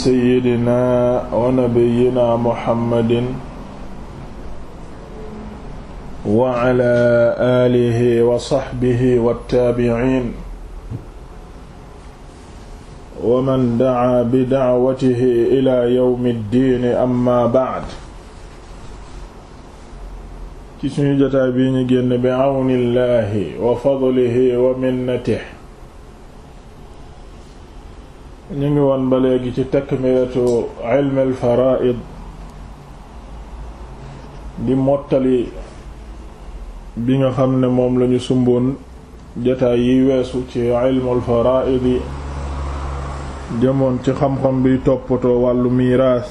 sayyidina wa nabiyyina muhammadin wa ala aalihi wa sahbihi wa taabi'iin wa man da'a bi da'watihi ila yawmi ddiini amma ba'd ci suñu jotaay bii ñu génn bi awnillahi wa fadlihi wa minnatihi ñu ngi woon ba léegi ci takmilatu ilmi al di mottali bi nga xam ne moom lañu sumboon jataay yi weesu ci ilmul fara'id jëmoon ci xam-xam bi toppatoo wàllu miraas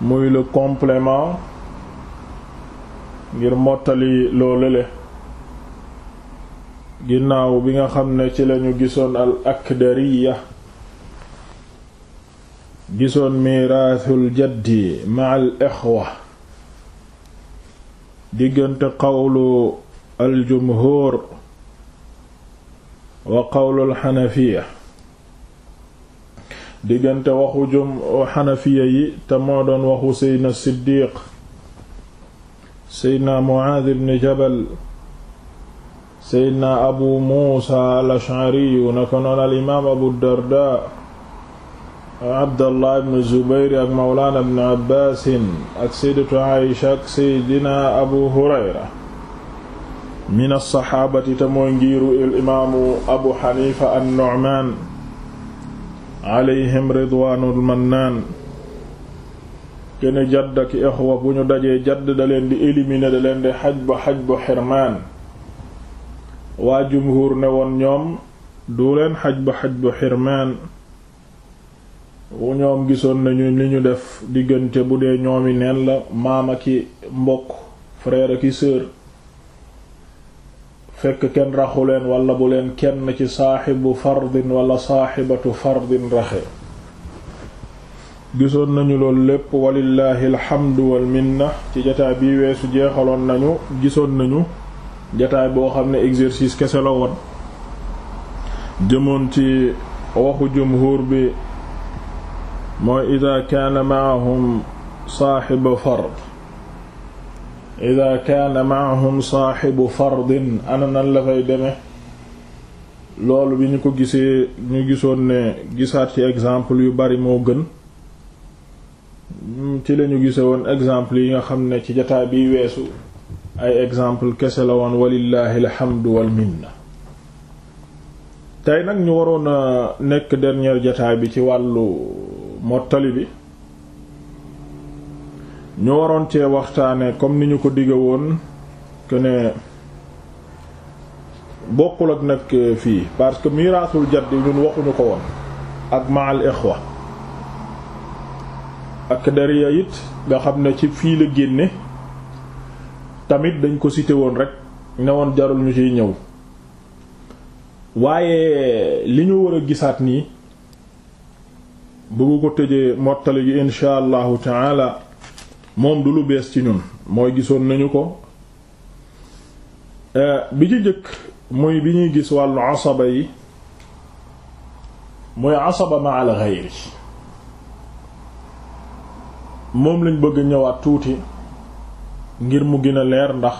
muy le complément ngir mottali loolu le ginnaaw bi nga xam ne ci lañu gisoon al akdariya gisoon miiraathul jaddi ma al ixwa diggante qawlu al jumhuur wa qawlu al xanafiya diggante waxu jum xanafiya yi te moo doon waxu seydna siddiq seydna muaaz ibn jabal seydna abu muusa al-ash'ariyu na ko noon alimaam abu darda abdallah ibn zubair ak mawlaana ibn abbaasin ak saydatu aisha ak seydina abu hurayra min alsaxaabati te mooy ngiiru alimaamu abu xanifa an-nu'maan alayhim ridwaanul mannaan kene jadd ak ixwa bu ñu dajee jadd da di éliminer da leen di xaj ba xaj waa jumhur ne woon ñoom du leen xaj bu xaj bu xirmaan ñoom gisoon nañu li ñu def diggante bu dee ñoom ñoomi neen la maama ki mbokk frère ki sœur fekk kenn raxu leen wala bu leen kenn ci saaxibu fardin wala saaxibatu fardin raxe gisoon nañu loolu lépp walillahi alhamdu wal minna ci jataa bi weesu jeexaloon nañu gisoon nañu jataay boo xam ne exercice kese la woon jëmoon ci waxu jumhuur bi mooy ida kaana maahum saaxibu fard ida kaana maahum saaxibu fardin ana la fay deme loolu bi ñu ko gisee ñu gisoon ne gisaat ci exemple yu bari moo gën ci lañu gise woon exemple yi nga xam ne ci jataay biy weesu ay exemple kese la woon walillahi alhamdu wal minna tey nag ñu waroon a nekk dernier jataay bi ci wàllu mottali bi ñu waroon ce waxtaane comme ni ñu ko digge woon que ne bokkul ak nag fii parce que miraasul jaddi ñun waxuñu ko woon ak ma'al ikhwa ak dariya it nga xam ne ci fii la génne tamit dañ ko cité woon rek ne woon jarul ñu ciy ñëw waaye li ñu war a gisaat nii bëggu ko tëjee mottali gi insha allahu taala moom du lu bees ci ñun mooy gisoon nañu ko eh, bi ci jëkk muy bi ñuy gis wàllu asaba yi muy asaba ma al moom lañ bëgg ñëwaat tuuti ngir mu gën a leer ndax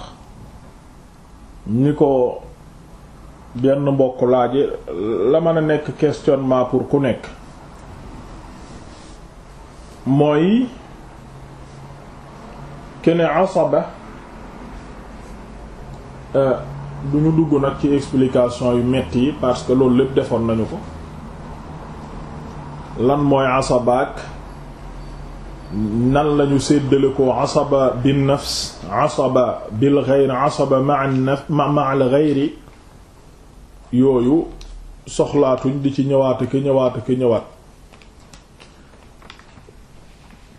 ni ko benn mbokk laaje la mën a nekk questionnement pour ku nekk mooy kene asaba euh, du ñu dugg nag ci explication yu metti yi parce que loolu lépp defoon nañu ko lan mooy asabaak nan lañu séddale ko asaba bin nafs asaba bil ghayr asaba ma al ghayri yooyu soxlaatuñ di ci ñëwaat ki ñëwaat ki ñëwaat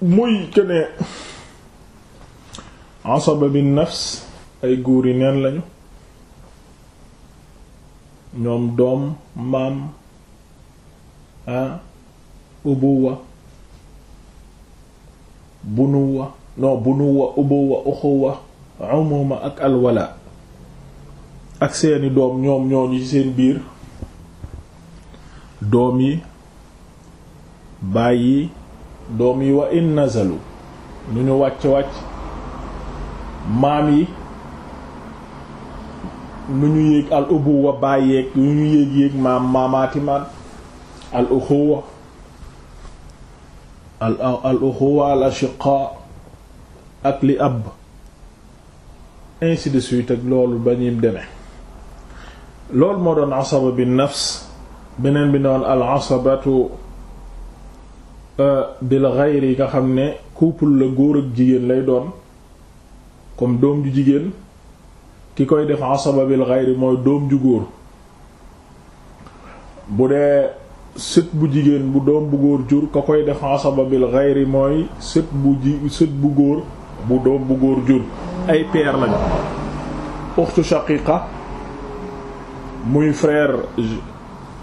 muy kene asaba bin nafs ay góor yi neen lañu ñoom doom maam ah, ubuwa bunuwa non bunuwa ubuwa uxuwa umuma ak alwala ak seeni doom ñoom ñooñu ci seen biir doom yi baay yi doom yi wa in nazalu nu ñu wàcc-wàcc maam yi nu ñu yéeg al ubuwa baay yeeg nu ñu yéeg yéeg maam maamaati maam al uxuwa al al al ashiqa ak li ab ainsi de suite ak loolu ba ñuy demee loolu moo doon asaba bi nafs beneen bi doon al asabatu euh, bil ghayr yi nga xam ne couple la góor ak jigéen lay doon comme doom ju jigéen ki koy def asaba bil ghayr mooy doom ju góor bu dee sët bu jigéen bu doom bu góor jur ka koy def asaba bil ghayri mooy sët bu ji sët bu góor bu doom bu góor jur ay peer lañu uxtu shaqiqa muy frère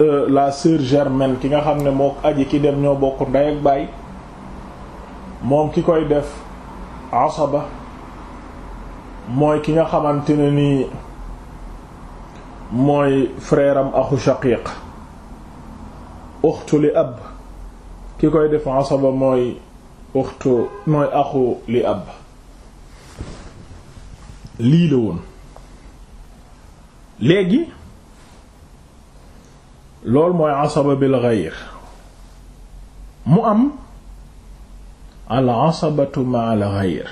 euh, la sœur germaine ki nga xam ne moo aji ki dem ñoo bokk ndey ak baay moom ki koy def asaba mooy ki nga xamante ne nii mooy freeram am axu shaqiq uxtu li ab ki koy def asaba mooy uxtu mooy axu li ab lii la woon léegi loolu mooy asaba bil ghayr mu am al asabatu ma al ghayr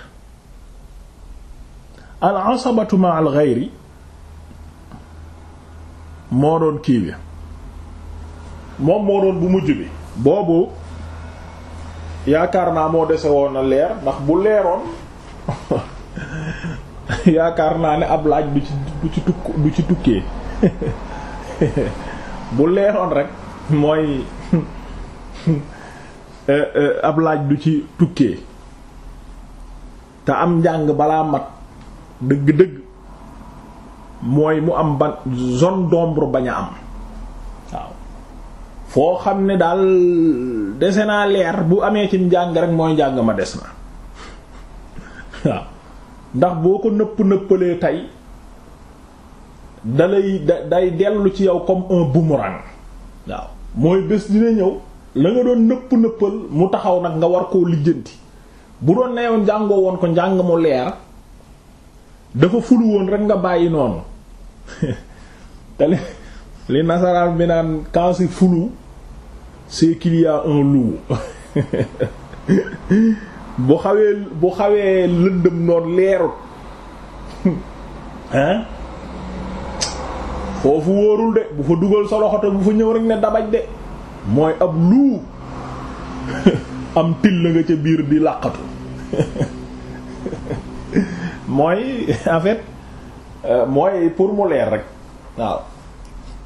al asabatu ma al ghayri moo doon kii bi moom moo doon bu mujj bi boobu yaakaar naa moo dese woon a leer ndax bu leeroon yaakaar naa ne ab laaj du ci tukk du ci tukkee bu leeroon rek mooy eh, eh, ab laaj du ci tukkee te am njàng balaa mat dëgg-dëgg mooy mu am ban zone d'ombre bañ a am foo xam ne daal dese naa leer bu amee ci njàng rek mooy njàng ma des na waaw ndax boo ko nëpp nëppalee tey dalay day dellu ci yow comme un boomerang waaw mooy bés dina ñëw la nga doon nëpp nëppal mu taxaw nag nga war koo lijjanti bu doon ne yow njàngoo woon ko njàng mu leer dafa fulu woon rek nga bàyyi noonu te li nasaraan bi naan kaasi fulu c'est qu'il y bu xawee bu xawee lëndëm noonu leerut hein foofu wóorul de bu fa dugal solo loxo te bu fa ñëw rek ne dabaj de mooy ab loup am till la nga ca biir di làqatu mooy en euh, mooy pour mu leer rek waaw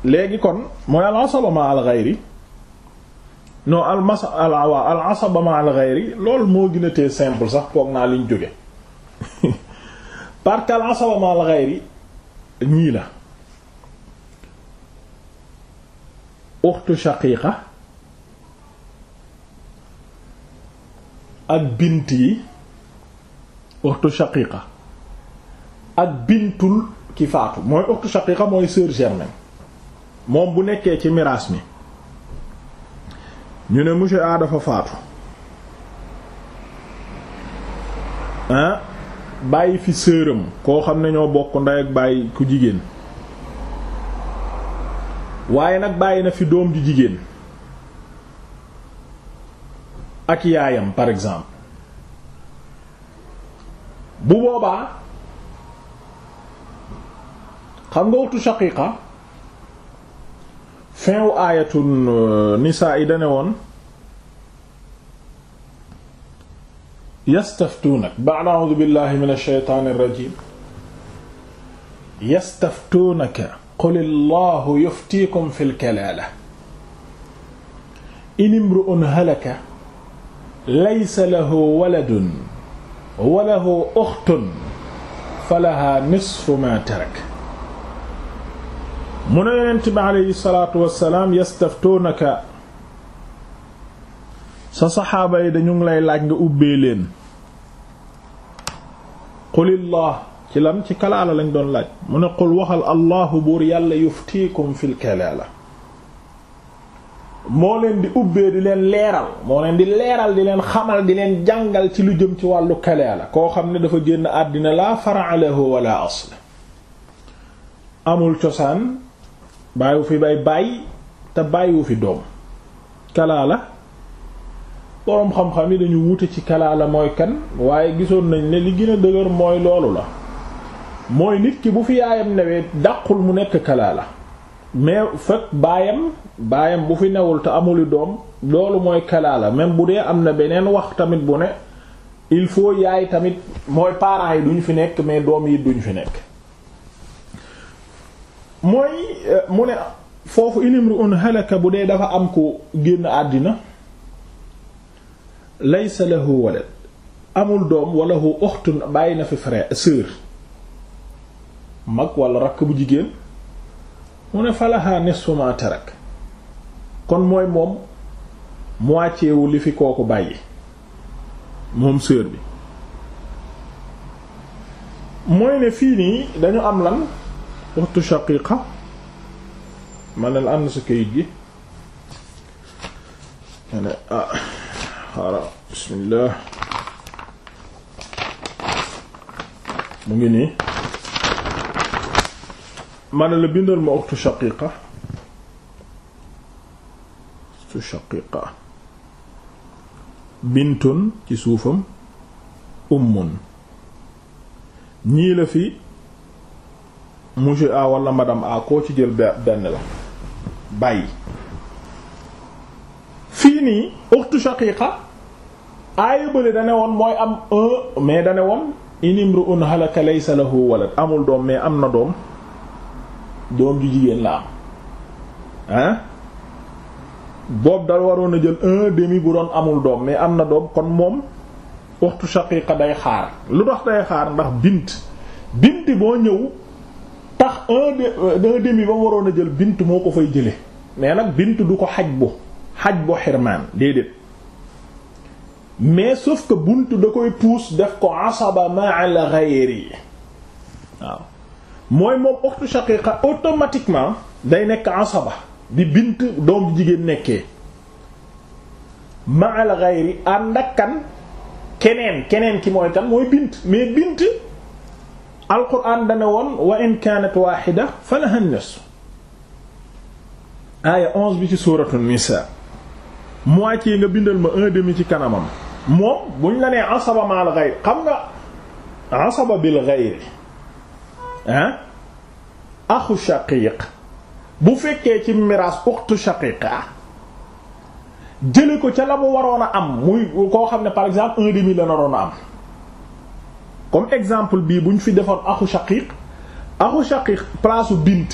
léegi kon mooy ala salama non al mas al ah, asaba ma al ghayri loolu moo gën a simple sax foog naa liñ jóge parce al asaba ma al ghayri ñii la uxtu shaqiqa ak bint yi uxtu ak bintul ki faatu mooy uxtu mooy sœur germaine moom bu nekkee ci miraas mi ñu ne monsieur A dafa faatu bàyyi fi sëram koo xam ne ñoo bokk ndey ak bàyyi ku jigéen waaye nag bàyyi na fi doom ju jigéen ak yaayam par exemple bu boobaa xam nga wutu fin wu aayatun euh, nisaa yi dane woon yastaftuunak ba'da a'uudu billahi min ash-shaytaani ar-rajiim yastaftuunaka qul allahu yuftiikum fil kalaala in imru'un halaka laysa lahu waladun wa lahu ukhtun falahaa nisfu maa taraka mu ne yonent bi aleyhi salaatu wassalaam yastaftuunaka sa saxaaba yi dañu ngi lay laaj nga ubbee leen qulillah ci lam ci kalaala lañ doon laaj mu ne qul waxal allahu buur yàlla yuftiikum fil la moo leen di ubbee di leen leeral moo leen di leeral di leen xamal di leen jàngal ci lu jëm ci wàllu kalaala koo xam ne dafa génn àddina laa fara'a lahu wala asl amul cosaan bàyyiwu fi bay bàyyi te bàyyiwu fi doom kalaala boroom xam-xam yi dañu wute ci kalaala mooy kan waaye gisoon nañ ne li gën dëgër mooy loolu la mooy nit ki bu fi yaayam newee dàqul mu nekk kalaala mais fekk baayam baayam bu fi newul te amuli doom loolu mooy kalaala même bu dee am na beneen wax tamit bu ne il faut yaay tamit mooy parents yi duñu fi nekk mais doom yi duñ fi nekk mooy euh, mu ne foofu inimru un halaka bu dee dafa am ku génn àddina laysa lahu walad amul doom wala hu ukhtun bàyyi na fi frère sœur mag wala rakk bu jigéen mu ne falaha nisfu ma tarak kon mooy moom moitié wu li fi kooku bàyyi moom sœur bi mooy ne fii nii dañu am lan uxtu shaqiqa ma ne la ànd sa kayit gi ma ah bismillah mu ngi nii ma la bindal ma uxtu shaqiqa uxtu shaqiqa bintun ci suufam ummun ñii la fi monsieur A wala madame A koo ci jël benn la bàyyi fii nii uxtu shaqiqa aaya bële dane woon mooy am un mais dane woon inimru'un halaka laysa lahu walad amul doom mais am na doom doom ji jigéen la am ah boobu dal waroon a jël demi bu doon amul doom mais am na doom kon moom uxtu shaqiqa day xaar lu tax day xaar ndax bint bint boo ñëw tax un euh, un demi ba waroon a jël bint moo ko fay jële mais nag bint du ko xaj bu xaj bu xirmaan déedéet mais sauf que bunt da koy puus def ko asaba ma'a la ghayri waaw mooy moom ukhtu shaqiqa automatiquement day nekk asaba di bint doom jigéen nekkee ma'a la ghayri ànd ak kan keneen keneen ki mooy kan mooy bint mais bint alquran dana woon wa in kanat waxida falaha nisf aaya bi ci suuratu nisaa moitié nga bindal ma un ci kanamam moom buñ la nee asaba ma ghayr xam nga asaba bi ghayr ah axu shaqiiq bu fekkee ci miraas uxtu shaqiiqa jële ko ca la mu waroon a am muy koo xam ne par exemple un la naroon a am comme exemple bii bu ñu fi defoon axu shaqiq axu shaqiq place bint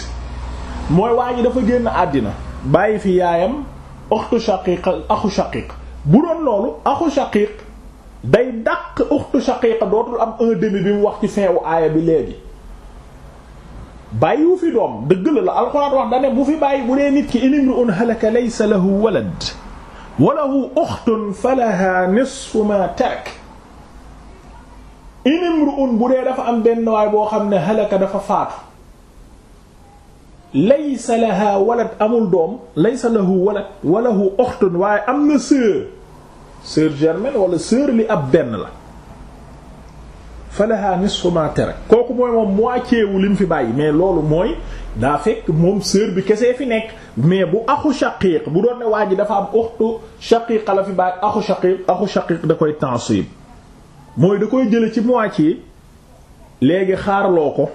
mooy waa ji dafa génn àddina bàyyi fi yaayam uxtu shaqiq bu doon loolu axu shaqiq day dàq uxtu shaqiqa dootul am un bi mu wax ci fin wu aaya bi léegi wu fi doom dëgg la la alxuraan wax dane bu fi bàyyi bu dee nit ki in imru'un halaka laysa lahu walad wa lahu uxtun falaha nisfu ma tarak inimru'un bu dee dafa am benn waay boo xam ne halaka dafa faatu laysa laha walad amul doom laysa lahu walad walahu ukhtun waaye am na sœur sœur germaine wala sœur li ab benn la falaha nisfu ma tarak kooku mooy moom moitié wu lim fi bàyyi mais loolu mooy daa fekk moom sœur bi kese fi nekk mais bu axu shaqiq bu doon ne waa ji dafa am ukhtu shaqiqa la fi bàyyi axu shaqiq axu shaqiq da koy tansib mooy da koy jële ci ci léegi xaarloo ko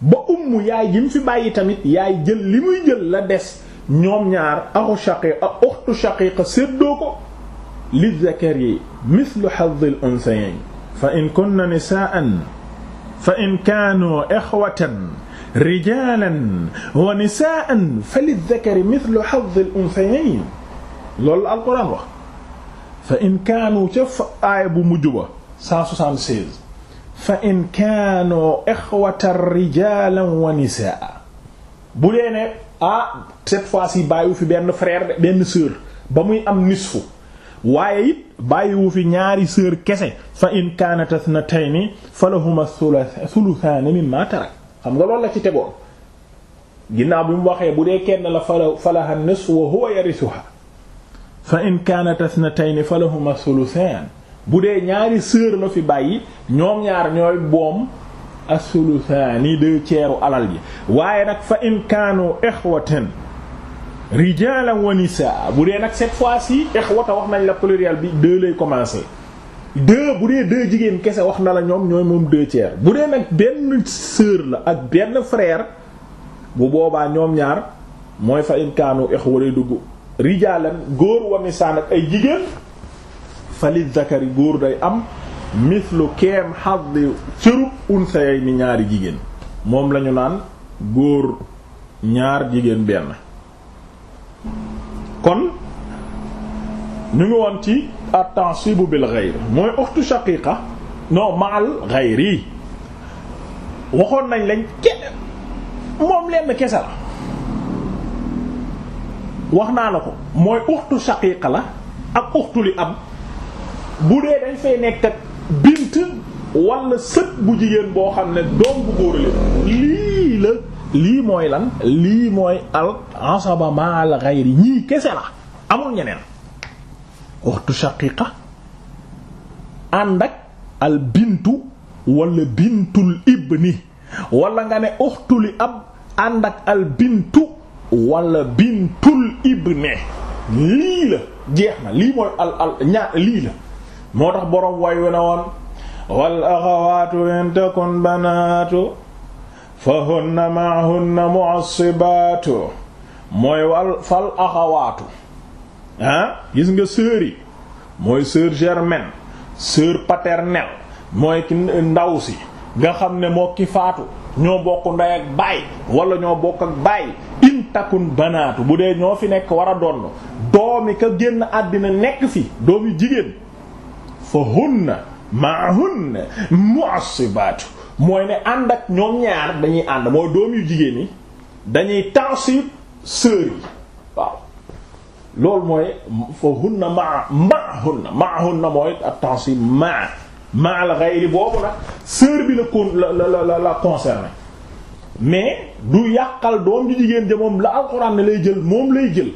ba umm yaay ji fi bàyyi tamit yaay jël li muy jël la des ñoom ñaar axu shaqiiq shaqiiqa séddoo ko li zakari mithlu hazzil unsayayn fa in kunna nisaa'an fa in kaanu ixwatan rijalan wa nisaa'an fa li zakari mithlu hazzil unsayayn loolu la alquran wax fa in kaanu ca aaya bu mujj ba 176 fa in kaanu ixwatan rijalan wa nisaa bu dee ne ah cette fois-ci bàyyiwu fi benn frère benn sœur ba muy am nisfu waaye it bàyyiwu fi ñaari sœur kese fa in kaanat ithnatayni falahuma thuluthaani mimma tarak xam nga loolu la ci tegoon ginnaaw bi mu waxee bu dee kenn la fala falaha nisfu wa huwa yarithuha fa in kaanat ithnatayni falahuma thuluthaani bu dee ñaari sœur la fi bàyyi ñoom ñaar ñooy boom ni deux tiers alal ji waaye nag fa in kaanu ixwatan rijalan bu dee nag cette fois-ci ixwata wax nañ la pluriel bi deux lay commencer deux bu dee deux jigéen kese wax na la ñoom ñooy moom deux tiers bu dee nag benn sœur la ak benn frère bu boobaa ñoom ñaar mooy fa inkaanu kaanu ixwa lay dugg rijalan góor wa nisaa ay jigéen fa li zakari góor day am mislu keem xaddi cërub unsayay ni ñaari jigéen moom lañu naan góor ñaar jigéen benn kon ñu ngi woon ci at-ta'sibu bil ghayr mooy uxtu shaqiqa non ma'al ghayri waxoon nañ lañ kenn moom lenn kese la wax naa la ko mooy uxtu shaqiqa la ak uxtu li bu dee dañ fay nekk ak bint wala sët bu jigéen boo xam ne doom bu góor lii la lii mooy lan lii mooy al asaba maal ghayri kese la amul ñeneen waxtu shaqiqa al bintu wala bintul ibni wala nga ne uxtuli ab ànd ak al bintu wala bintul ibni lii la jeex na lii mooy al al ñaar lii la moo tax boroom way wi na woon wal axawaatu in banaatu fa hunna maahunna mu'assibaatu mooy wal fal axawaatu ah gis nga sœurs mooy sœur germaine sœur paternelle mooy ki ndaw si nga xam ne moo ki faatu ñoo bokk ndey ak baay wala ñoo bokk ak baay intakun banaatu bu dee ñoo fi nekk war a donn doomi ka génn àddina nekk fi doomi jigéen fa hunna maahunna mu'assibaatu mooy ne ànd ak ñoom ñaar dañuy ànd mooy doom yu jigéen ñi dañuy tansib sœurs yi waaw loolu mooy fa hunna ma mahunna mahunna mooy ak tansib ma ma al ghayri boobu nag sœur bi la kon la mais du yàqal doom ju jigéen ja moom la alxuraan ne lay jël moom lay jël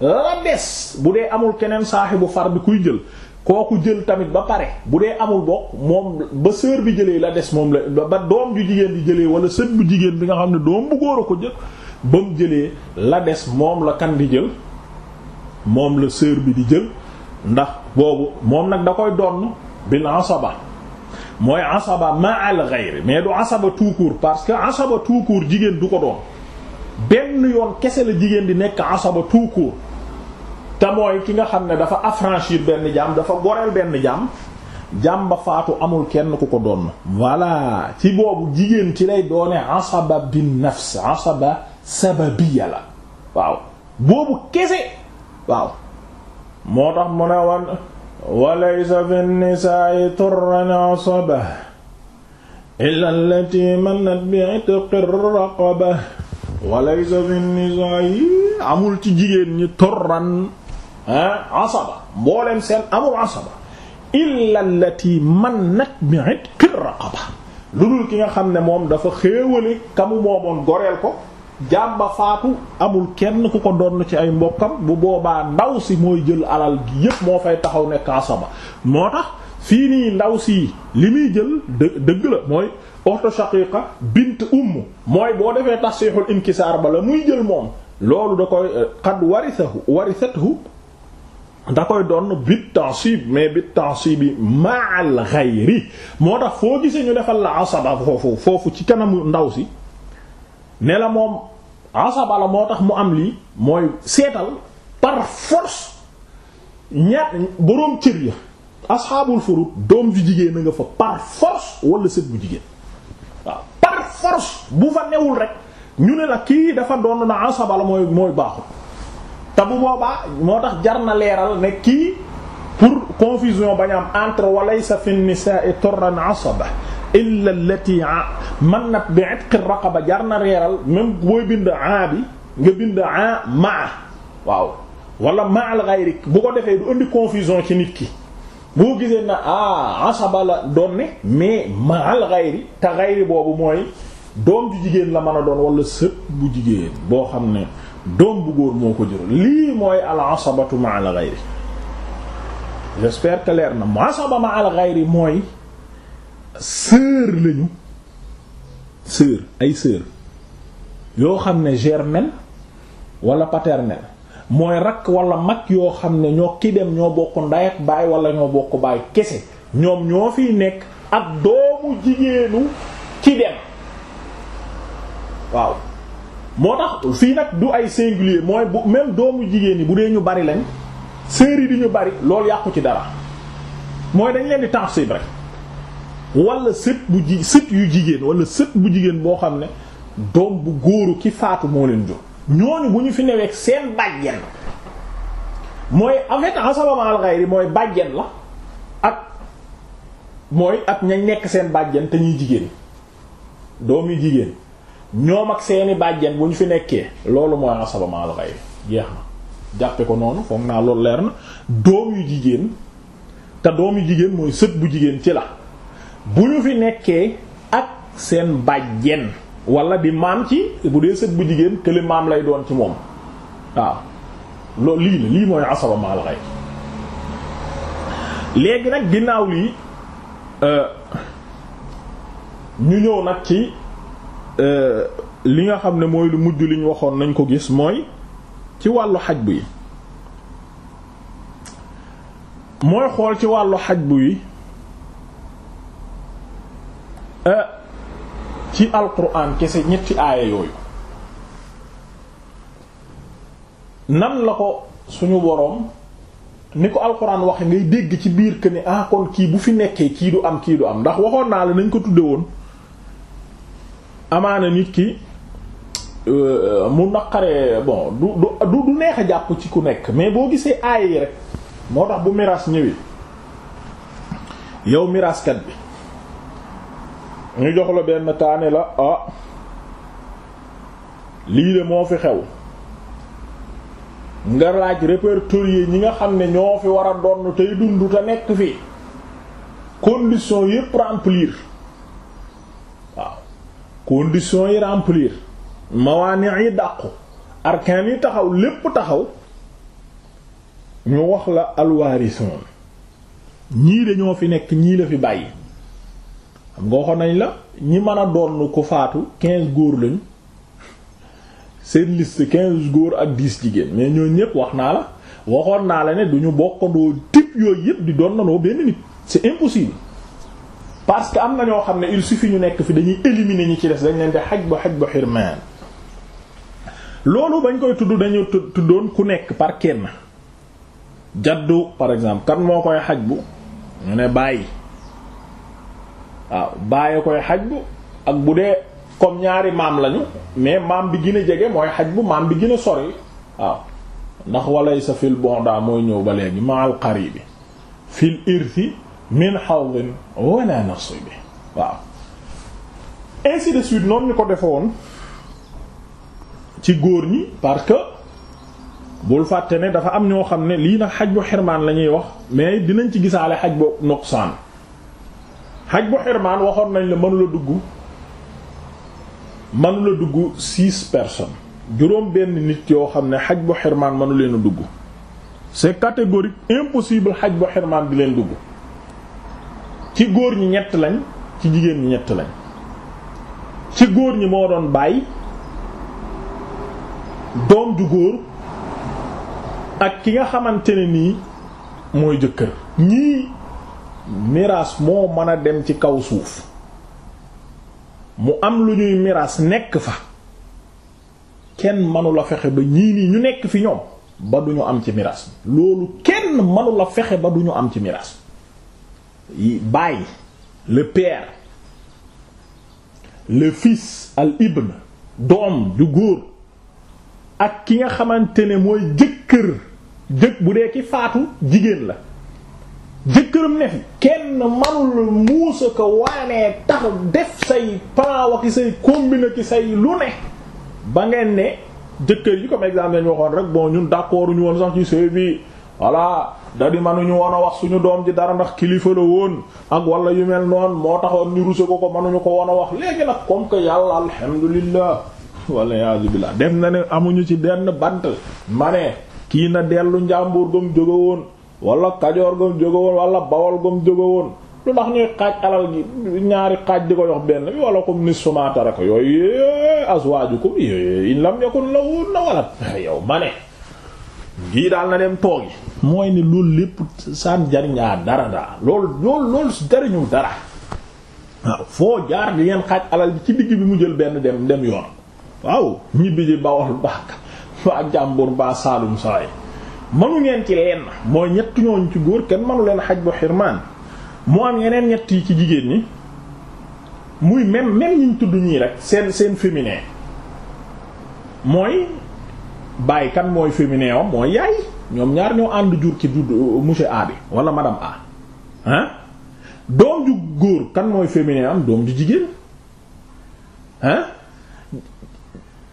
la bu dee amul keneen saaxibu far bi kuy jël kooku jël tamit ba pare bu dee amul bokk moom ba sœur bi jëlee la des moom la ba doom ju jigéen di jëlee wala sët bu jigéen bi nga xam ne doom bu góor ko jël ba mu jëlee la des moom la kan di jël moom la sœur bi di jël ndax boobu moom nag da koy donn bil asaba mooy asaba ma al ghayr mais du asaba tout court parce que asaba tout court jigéen du ko doon benn yoon kese la jigéen di nekk asaba tout court te ki nga xam ne dafa affranchir benn jaam dafa goreel benn jaam jaam ba faatu amul kenn ku ko doon voilà ci boobu jigéen ci lay doone asaba bin nafs asaba sababiya la waaw boobu kese waaw moo tax mu ne woon walaysa fi nisaa'i turran asaba illa allati mannat bi itqi raqaba walaysa fi nisaa'i amul ci jigéen ñi turran ah asaba mbooleem seen amul asaba man allati mannat bi itqi raqaba lu dul ki nga xam ne moom dafa xéewale kamu moomoon goreel ko jàmba faatu amul kenn ku ko donn ci ay mbokkam bu boobaa ndaw si mooy jël alal gi yépp moo fay taxaw nekk asaba moo tax fii nii ndaw si li muy jël dë dëgg la mooy ukhtu shaqiqa bint umm mooy boo defee tasihul inkisaar ba la muy jël moom loolu da koy qad warithahu warithathu da koy doon bit tansib mais bit tansib bi maal xayri moo tax foo gise ñu defal la asaba foofu foofu ci kanamu ndaw si ne la moom asaba la moo tax mu am lii mooy seetal par force ñaar boroom cër ya asxaabul furut doom ju jigéen a nga fa par force wala sët bu jigéen waaw par force bu fa newul rek ñu ne la kii dafa doon na asaba la mooy mooy baaxul te bu boobaa moo tax jar na leeral ne kii pour confusion bañ am entre walaysa fi nisa'i turran asaba illa allati mannat bi itqi raqaba jar na leeral même booy bind en bi nga bind a maa waaw wala maa al ghayri bu ko defee du indi confusion ci nit ki boo gisee na ah asaba la doon ne mais maa al ghayri te ghayri boobu mooy doom ju jigéen la mën a doon wala sët bu jigéen boo xam ne doom bu góor moo ko jural lii mooy al asabatu ma al ghayri j'espère que na mu ma al ghayri mooy sœur lañu sœur ay sœur yoo xam ne germaine wala paternelle mooy rakk walla mag yoo xam ne ñoo ki dem ñoo bokk nday baay wala ñoo bokk baay kese ñoom ñoo fiy nekk ak doomu jigéenu ki dem waaw moo tax fii nag du ay singulier mooy bu même doomu jigéen ñi bu dee ñu bari lañ sœurs yi di ñu bari loolu yàqu ci dara mooy dañ leen di tansib rek wala sët bu sët yu jigéen wala sët bu jigéen boo xam ne doom bu góoru ki faatu moo leen jur ñooñu bu ñu fi neweeg seen bàjjen mooy en fait asabamal xayri mooy bàjjen la ak mooy ak ña nekk seen bàjjen te ñuy jigéen doom yu jigéen ñoom ak seeni bàjjen bu ñu fi nekkee loolu mooy asaba maal xayri jeex na jàppe ko noonu foog naa loolu leer na doom yu jigéen te doom yu jigéen mooy sët bu jigéen ci la bu ñu fi nekkee ak seen bàjjen walla di maam ci bu dee sët bu jigéen kële maam lay doon ci moom waaw loolu lii la lii mooy asaba maal léegi nag ginnaaw lii euh, ñu ñëw nag ci li nga xam ne mooy lu mujj liñ waxoon nañ ko gis mooy ci wàllu xaj bu yi mooy xool ci wàllu xaj bu yi euh, ci alquran kese ñetti aaya yooyu nan la ko suñu boroom ni ko alquran waxe ngay dégg ci biir que ni ah kon kii bu fi nekkee kii du am kii du am ndax waxoon naa la nañ ko tudde woon amaana nit ki euh, mu naqaree bon du du du neex a jàpp ci ku nekk mais boo gisee aay yi rek moo tax bu miraas ñëwee yow miraaskat bi ñu jox la benn taane la ah lii de moo fi xew nga laaj répertorier ñi nga xam ne ñoo fi war a donn tey dund te nekk fii condition yépp remplir conditions yi remplir mawaani yi dàqu arkaan yi taxaw lépp taxaw ñu wax la alwaarisoon ñii dañoo fi nekk ñii la fi bàyyi xam nga waxoon nañ la ñi mën a doon ko faatu quinze góor lañ seen liste quinze góor ak dix jigéen mais ñoo ñépp wax naa la waxoon naa la ne duñu bokkandoo type yooyu yépp di doon nanoo benn nit c'est impossible parce que am na ñoo xam ne il fi ñu nekk fi dañuy éliminer ñi ci des dañ leen di xaj ba xaj ba xirmaan loolu bañ koy tudd dañu tuddoon ku nekk par kenn jaddu par exemple kan moo koy xaj bu ñu ne bàyyi waaw bàyyi koy xaj bu ak bu dee comme ñaari maam lañu mais maam bi gën a jege mooy xaj bu maam bi gën a sori waaw ndax walay sa fil bonda mooy ñëw ba léegi ma al qaribi fil irthi min hawdin wala nasibi waaw ainsi de suite noonu ko defe woon ci góor ñi parce que bul fàtte ne dafa am ñoo xam ne lii nag xaj bu xirmaan la ñuy wax mais dinañ ci gisaale xaj bu nuqsaan xaj bu xirmaan waxoon nañ la mënula dugg mënula dugg six personnes juróom benn nit yoo xam ne xaj bu xirmaan mënu leen a dugg c'est catégorique impossible xaj bu xirmaan di leen dugg ci góor ñi ñett lañ ci jigéen ñi ñett lañ ci góor ñi moo doon bàyyi doom ju góor ak ki nga xamante ne nii mooy jëkkër ñii miraas moo mën a dem ci kaw suuf mu am lu ñuy miraas nekk fa kenn mënula fexe ba ñii nii ñu nekk fi ñoom ba du ñu am ci miraas loolu kenn mënula fexe ba du ñu am ci miraas bàyyi le père le fils al ibn doom ju góor ak ki nga xamante ne mooy jëkkër jëkk bu dee ki faatu jigéen la jëkkëram ne fi kenn manul muusa ko waanee tax def say paraawa ki say combine ki say lu ne ba ngeen ne jëkkër yi comme exemple ñu waxoon rek bon ñun d'accord ñu woon sax ci sëy bi voilà da di manuñu ñu a wax suñu doom ji dara ndax kilifa la woon ak wala yu mel noonu moo tax ñu ruse ko ko manuñu ko woon a wax léegi nag comme que yàlla alhamdulillah waliyasu billah def na ne amuñu ci benn bant ma ne kii na dellu njàmbur mu jóge woon wala kajoor gam jóge woon wala bawol gam jóge woon lu ndax ñuy xaaj alal gi ñaari xaaj di ko jox benn bi wala comme ni sumaatara ko yooyu azwaajukum in lam yakun lahu na walat yow ma ne daal na dem toogi mooy ne loolu lépp saan jariñaa dara daa loolu loolu loolu jariñu dara waaw foo jaar di ngeen xaaj alal bi ci digg bi mu jël benn dem dem yoon waaw ñibbi ji bawol baak ak jàmbur baa saalum saay manu ngeen ci lenn mooy ñett ñooñ ci góor kenn manu leen xaj bu xirmaan moo am yeneen ñett yi ci jigéen ñi muy même même ñi ñu tudd ñii rek seen seen féminin mooy bàyyi kan mooy féminin am mooy yaay ñoom ñaar ñoo ànd jur ci judd monsieur A bi wala madame A doom ju góor kan mooy féminin am doom ju jigéen ah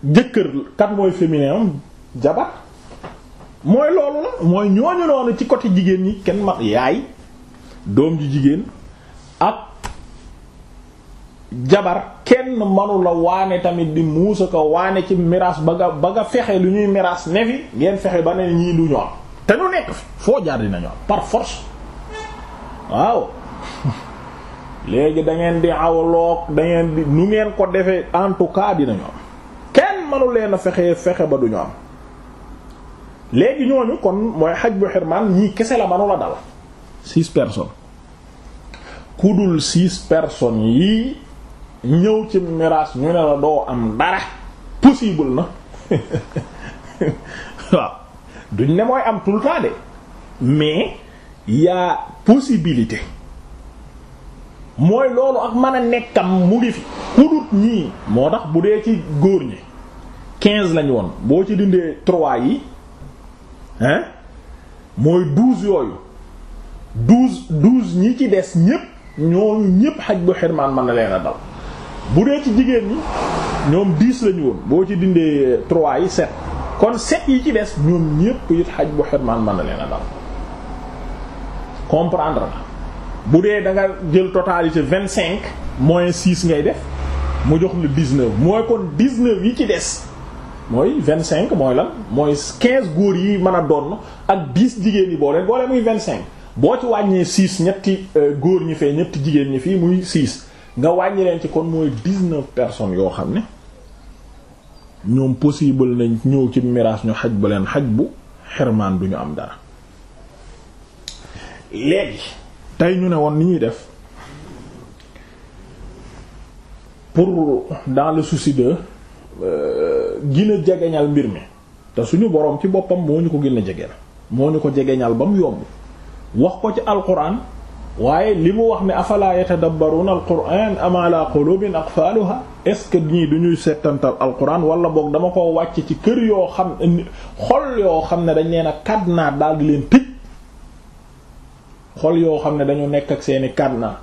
jëkkër kan mooy féminin am jabar mooy loolu la mooy ñooñu noonu ci côté jigéen ñi kenn ma yaay doom ju jigéen ak jabar kenn manu la waane tamit di muusa ko waane ci miraas ba nga ba nga fexe lu ñuy miraas ne fi ngeen fexe ba ne ñii du ñu am te ñu nekk fi foo jaar dinañu am par force waaw léegi dangeen ngeen di awloog da ngeen di nu ngeen ko defee entuka tout cas dinañu am kenn manu leen fexe fexe ba du ñu am léegi ñooñu kon mooy xaj bu xirmaan ñii kese la manu la dal six personnes kudul six personnes yii ñëw ci miraas ñu ne la doo am dara possible na waaw duñ ne mooy am tout de mais y'a possibilité mooy loolu ak mën a nekkam mu ngi fi kudut ñii moo tax bu dee ci góor ñi quinze lañ woon boo ci dindee trois yi hein mooy douze yooyu douze douze ñi ci des ñépp ñooñu ñépp xaj bu xirmaan mën na leen a dal bu dee ci jigéen ñi ñoom dix lañu woon boo ci dindee trois yi sept kon sept yi ci des ñoom ñépp it xaj bu xirmaan mën na leen a dal comprendre na bu dee da nga jël totalité vingt cinq moins six ngay def mu jox la dix neuf mooy kon dix yi ci des mooy vingt cinq mooy lan mooy quinze góor yi mën a doon ak dix jigéen yi boole boole muy vingt cinq boo ci wàññee six ñetti euh, góor ñi fee ñetti jigéen ñi fii muy six nga wàññi ci kon mooy dix-neuf personnes yoo xam ne ñoom possible nañ ñëw ci miraas ñu xaj bu leen xaj bu xirmaan duñu am dara léegi tey ñu ne woon ni ñuy def pour dans le souci de euh, gën a jegeñal mbir mi te suñu boroom ci boppam moo ñu ko gën jege jegeel moo ñu ko jegeñal ba mu yomb wax ko ci alquran waaye li mu wax ne afala yatadabbaruna alquran am ala qulubin aqfaluha est-ce que nii du ñuy settantal alquran wala boog dama ko wàcc ci kër yoo xam xol yoo xam ne dañ leen a cadenas daal di leen xol yoo xam ne dañu nekk ak seeni cadenas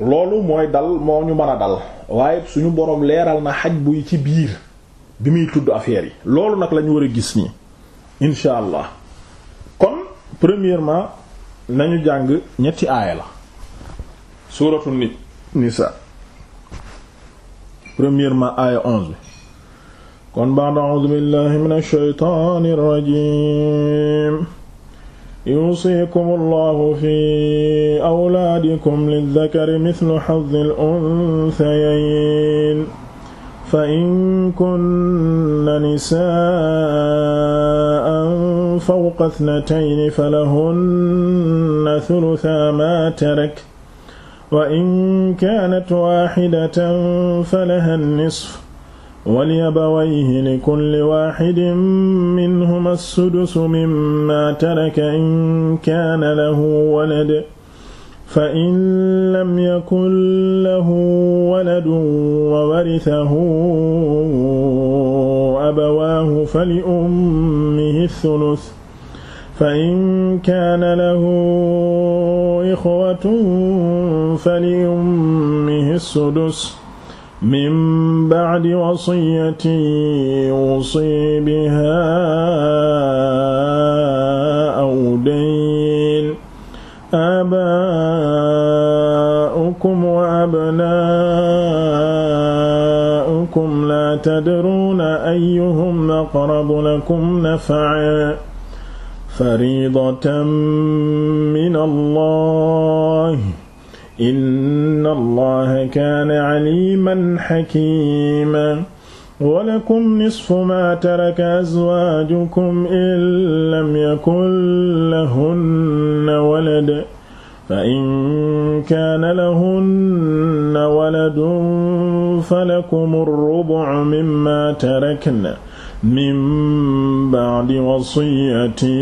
loolu mooy dal moo ñu mën a dal waaye suñu boroom leeral na xaj buy ci biir bi muy tudd affaire yi loolu nag lañu war a gis nii incha allah kon premièrement nañu jàng ñetti aaya la suuratu nit nisa premièrement aaya onze bi kon ba'da a'uuzu billahi minash shaytaanir rajiim yuusiikum allahu fi awlaadikum lil-dhakari mithlu hazzil unthayayn fa in kunna nisaa'an fawqa ithnatayni falahunna thuluthaa maa taraka wa in kaanat waahidatan falahaa an-nisfu waliyabawayhi likulli waahidin minhumaa as-sudusu mimmaa taraka in kaana lahu walad fa in lam yakun lahu waladun wa warisahu abawaahu fali ummihi sulus fa in kaana lahu ixwatun fali ummihi sudus min ba'di wasiyatin yusi bihaa aw dayn أبناءكم وأبناؤكم لا تدرون أيهم أقرب لكم نفعا فريضة من الله إن الله كان عليما حكيما ولكم نصف ما ترك أزواجكم إن لم يكن لهن ولد fa in kaana lahunna waladun falakum ar-rubu' mimma tarakna min ba'di wasiyatin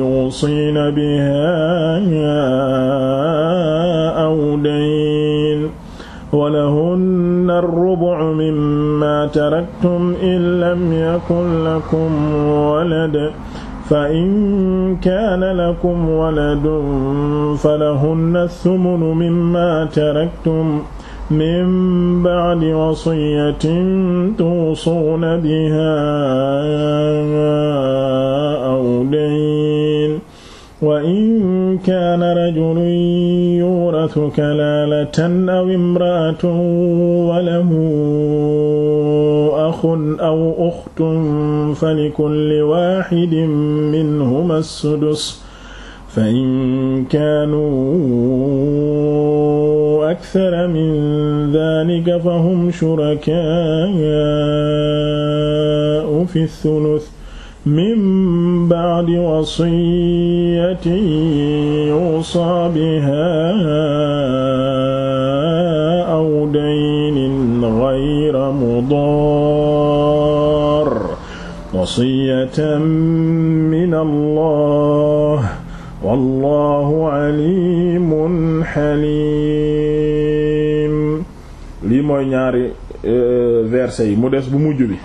yusiina bihaa aw dayn walahunna ar-rubu' mimma taraktum in lam yakun lakum walad fa in kaana lakum waladun falahunna thumunu mimma taraktum min ba'di wasiyatin tuusuuna biha aw dayn wa in kaana rajulun yurathu kalaalatan aw imra'atun wa lahu axun aw uxtun falikulli waaxidin minhumaa as-sudus fa in kaanuu akthara min dhaalika fahum shurakaa'u fi ath-thuluth mim ba'di wasiyyatin yuusaa bihaa aw daynin ghayra mudaar wasiyatan min Allah wallahu alimun halim lii mooy ñaari euh, verset yi mu des bu mujj bi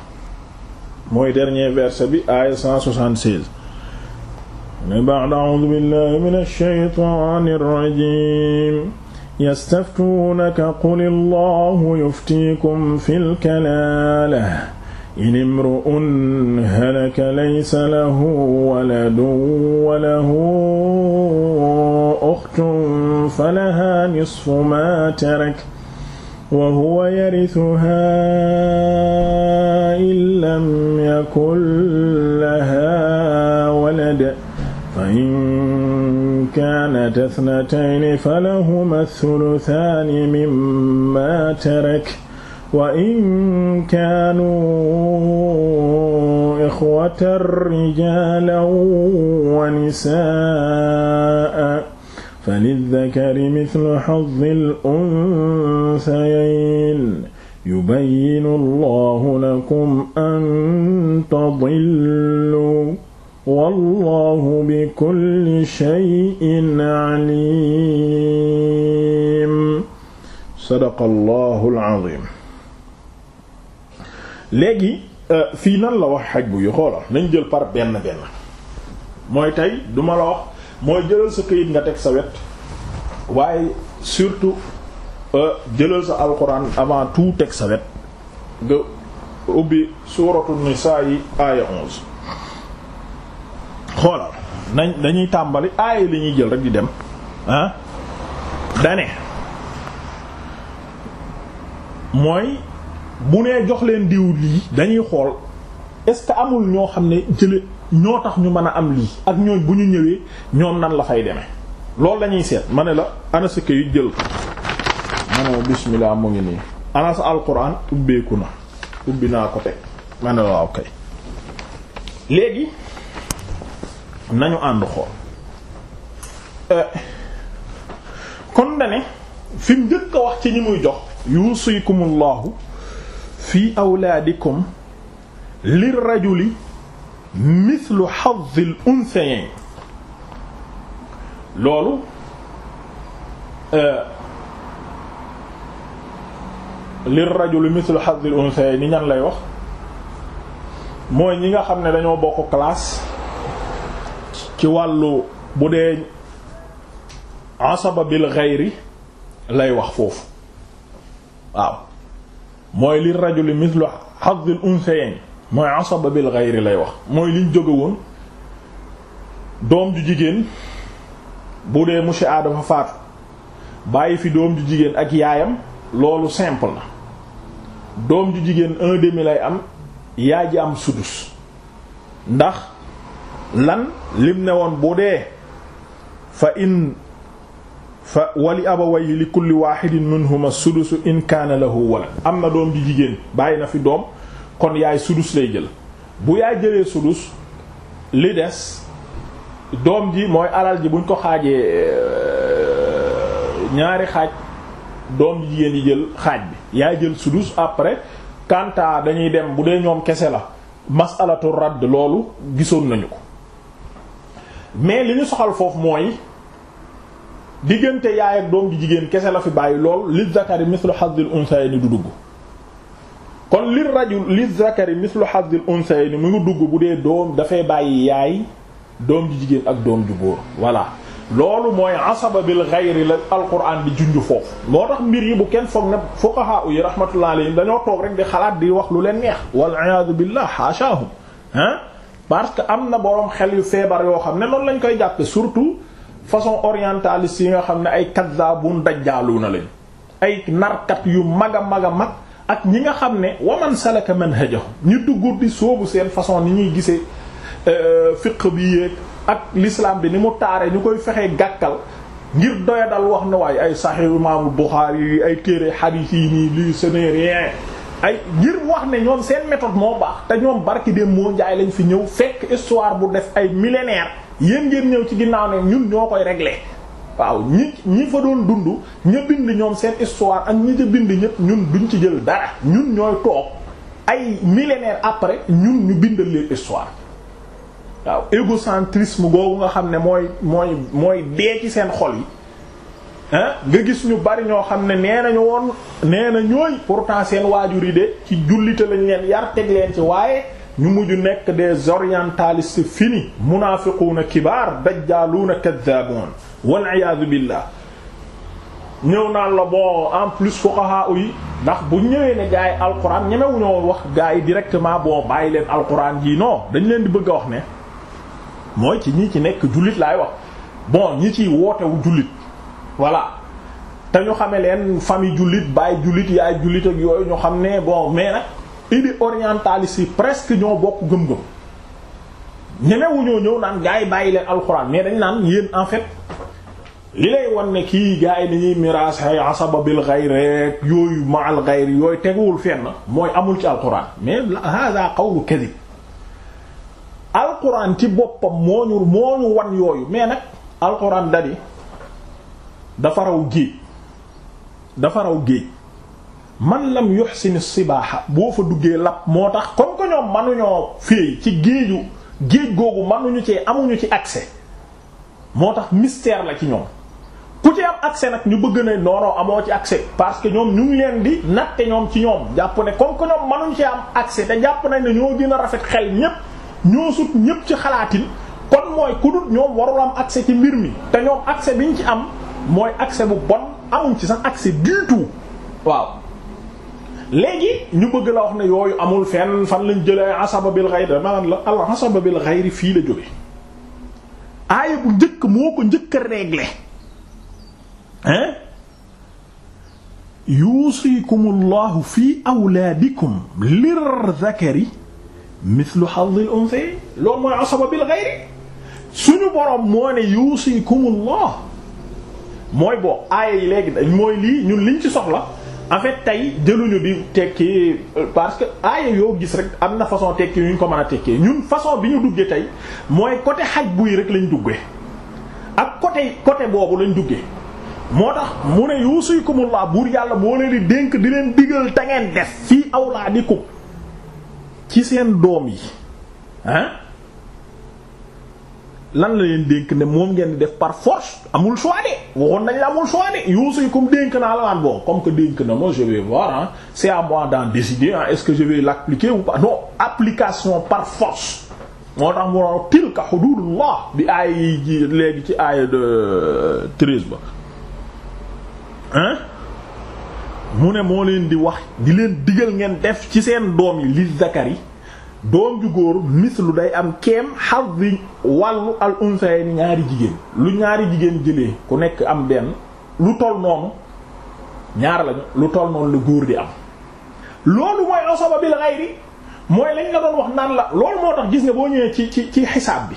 mooy dernier verset bi aaya 176 ne ba'd a'uudu billahi minash shaytaanir rajiim yastaftuunaka quli llahu yuftiikum fil kalaalati in imru'un halaka laysa lahu waladun wa lahu ukhtun falahaa nisfu maa taraka wa huwa yarisuhaa in lam yakun lahaa walad fa in kaanat ithnatayni falahumaa thuluthaani mimmaa taraka wa in kaanuu ikhwatan rijaalan wa nisaa'an falizzakari mithlu hazzil unsayayn yubayyinu allahu lakum an tadillu wallahu bikulli shay'in alim sadaqallahu alazim léegi euh, fii nan la wax xaj bu yu xoolal nañ jël par benn benn mooy tey duma la wax mooy jëlal sa këyit nga teg sa wet waaye surtout euh, jëlal sa alxuraan avant tout teg sa wet nga ubbi suuratu nisaa yi aaya 11 xoolal nañ dañuy tàmbali aaya li ñuy jël rek di dem ah dane mooy bu nee jox leen diw lii dañuy xool est-ce que amul ñoo xam ne jële ñoo tax ñu mën a am lii ak ñooy bu ñu ñëwee ñoom nan la fay demee loolu lañuy seet ma ne la ana yu jël ma ne bismillah mu ngi nii ana sa ubbeeku na ubbi naa ko teg ma ne la waaw léegi nañu ànd xool euh, kon dane fi mu njëkk wax ci ñi muy jox yuusikumullahu fi awlaadikum lirrajuli mithlu hazzil unthayayn loolu euh, li rajuli mithlu hazzil unthayayn ni ñan lay wax mooy ñi nga xam ne dañoo bokk classe ci wàllu bu dee asaba bil ghayri lay wax foofu waaw mooy li rajuli mithlu hazzil unthayayn mooy asaba bil ghayri lay wax mooy liñ jóge doom ju jigéen bu dee monsieur A dafa faatu bàyyi fi doom ju jigéen ak yaayam loolu simple na doom ju jigéen un demi lay am yaay ji am sudus ndax lan lim ne woon bu dee fa in fa wali abawayhi li kulli wahidin minhuma sudusu in kaana lahu walad am na doom ju jigéen bàyyi na fi doom kon yaay sudus lay jël bu yaay jëlee sudus li des doom ji mooy alal ji buñ ko xaajee euh, ñaari xaaj doom ji jigéen yi jël xaaj bi yaay jël sudus après kanta dañuy dem bu dee ñoom kese la masalatu radd loolu gisoon nañu ko mais li ñu soxal foofu mooy diggante yaay ak doom ji jigéen kese la fi bàyyi lool li zakari mithlu hazzil unsayni du dugg kon li rajul li zakari mislu hazzil unsayni mu ngi dugg bu dee doom dafay bàyyi yaay doom ji jigéen ak doom ju góor voilà loolu mooy asaba bil ghayri la alquran bi junj foofu moo tax mbir yi bu kenn foog na fuqaha yi rahmatullah alayhim dañoo toog rek di xalaat di wax lu leen neex wal iyaadu billah haashaahum ah parce que am na boroom xel yu feebar yoo xam ne noonu lañ koy jàppe surtout façon orientaliste yi nga xam ne ay kazzabun dajjaalu na leen ay narkat yu mag a mag a mag ak ñi nga xam ne waman salaka manhajahum ñu dugg di soobu seen façon ni ñuy gisee euh, fiq bi yéeg ak l'islam bi ni mu taare ñu koy fexee gàkkal ngir doya dal wax na waaye ay sahih imam Bukhari yi ay téere hadith yi nii lii ce n'est rien ay ngir wax ne ñoom seen méthode moo baax te ñoom barki dem moo njaay lañ fi ñëw fekk histoire bu def ay millénaire yéen ngeen ñëw ci ginnaaw ne ñun ñoo koy régler waaw ñi ñi fa doon dund ña bind ñoom seen histoire ak ñi ca bind ñëpp ñun duñ ci jël dara ñun ñooy toog ay millénaires après ñun ñu bindal leen histoire waaw égocentrisme googu nga xam ne mooy mooy mooy dee ci seen xol yi nga gis ñu bari ñoo xam ne nee nañu woon nee na ñooy pourtant seen waajur yi de ci jullite lañ leen yar teg leen ci waaye ñu mujj nekk des orientalistes finis na kibaar dajjaaluuna kaddaboon wal iyaadu billah ñëw naan la bon en plus fuqaha yi ndax bu ñëwee ne gaa yi alquran ñemewuñoo wax gaay yi directement bon bàyyi leen alquran ji non dañ leen di bëgg a wax ne mooy ci ñi ci nekk jullit laay wax bon ñi ciy wootewu jullit voilà te ñu xame leen famille jullit baay jullit yaay jullit ak yooyu ñu xam ne bon mais nag idée orientaliste yi presque ñoo bokk gëm-gëm ñemewuñoo ñëw naan gaa yi bàyyi leen alquran mais dañ naan yéen en fait li lay wan ne kii gars ni dañuy miraas ay asaba bil ghayr rek yooyu ma'al ghayr yooyu teguwul fenn mooy amul ci alquran mais hada qawlu kadhib alquran ci boppam moo ñu moo ñu wan yooyu mais nag alquran dadi dafa raw géej dafa raw géej man lam yuhsin sibaaxa boo fa duggee lap moo tax comme mënuñoo féey ci géeju géej googu mënuñu ci amuñu ci accès moo tax mystère la ci ñoom. ku ci am accès nag ñu bëgg na noonoo amoo ci accès parce que ñoom ñu ngi leen di te ñoom ci ñoom jàpp ne comme que ñoom mënuñ ci am accès te jàpp nañ ne ñoo gën a rafet xel ñépp ñoo sut ñépp ci xalaatin kon mooy ku dul ñoom warul am accès ci mbir mi te ñoom bi ñu ci am mooy accès bu bon amuñ ci sa accès du waaw léegi ñu bëgg la wax ne yooyu amul fenn fan lañ jëlee asaba bil ghayr maanaam la al asaba bil fii la jóge aaya bu njëkk moo ko njëkk a hein yuusikumullahu fi awlaadikum lir zakari mithlu hazzil unsay loolu mooy asaba bil ghayri suñu boroom moo ne yuusikumullah mooy boo aaya yi léegi dañ mooy lii ñun liñ ci soxla en fait tey jëluñu di tekki parce que aaya yoo gis rek am na façon tekki yu ko mën a tekkee ñun façon bi ñu duggee tey mooy côté xaj buy rek lañ duggee ak côté côté boobu lañ duggee moo tax mu ne yuusikumullah buur yàlla moo leen di dénk di leen digal te ngeen def fii awlaadikum ci seen doom yi ah lan la leen dénk ne moom ngeen di def par force amul choix de waxoon nañ la amul choix de yuusikum dénk naa la waan comme que dénk na ma je vais voir ah c'est à moi d'en décider ah est-ce que je vais l'appliquer ou pas non application par force. moo tax mu war tilka xuduudullah bi aaya yi léegi ci aaya de treize ba mu ne moo leen di wax di leen digal ngeen def ci seen doom yi li zakari doom ju góor mislu day am keem xardi wàllu al unsay ni ñaari jigéen lu ñaari jigéen jëlee ku nekk am benn lu toll noonu ñaar lañu lu toll noonu lu góor di am loolu mooy bi bil ghayri mooy lañ la doon wax naan la loolu moo tax gis ne boo ñëwee ci ci ci xisaab bi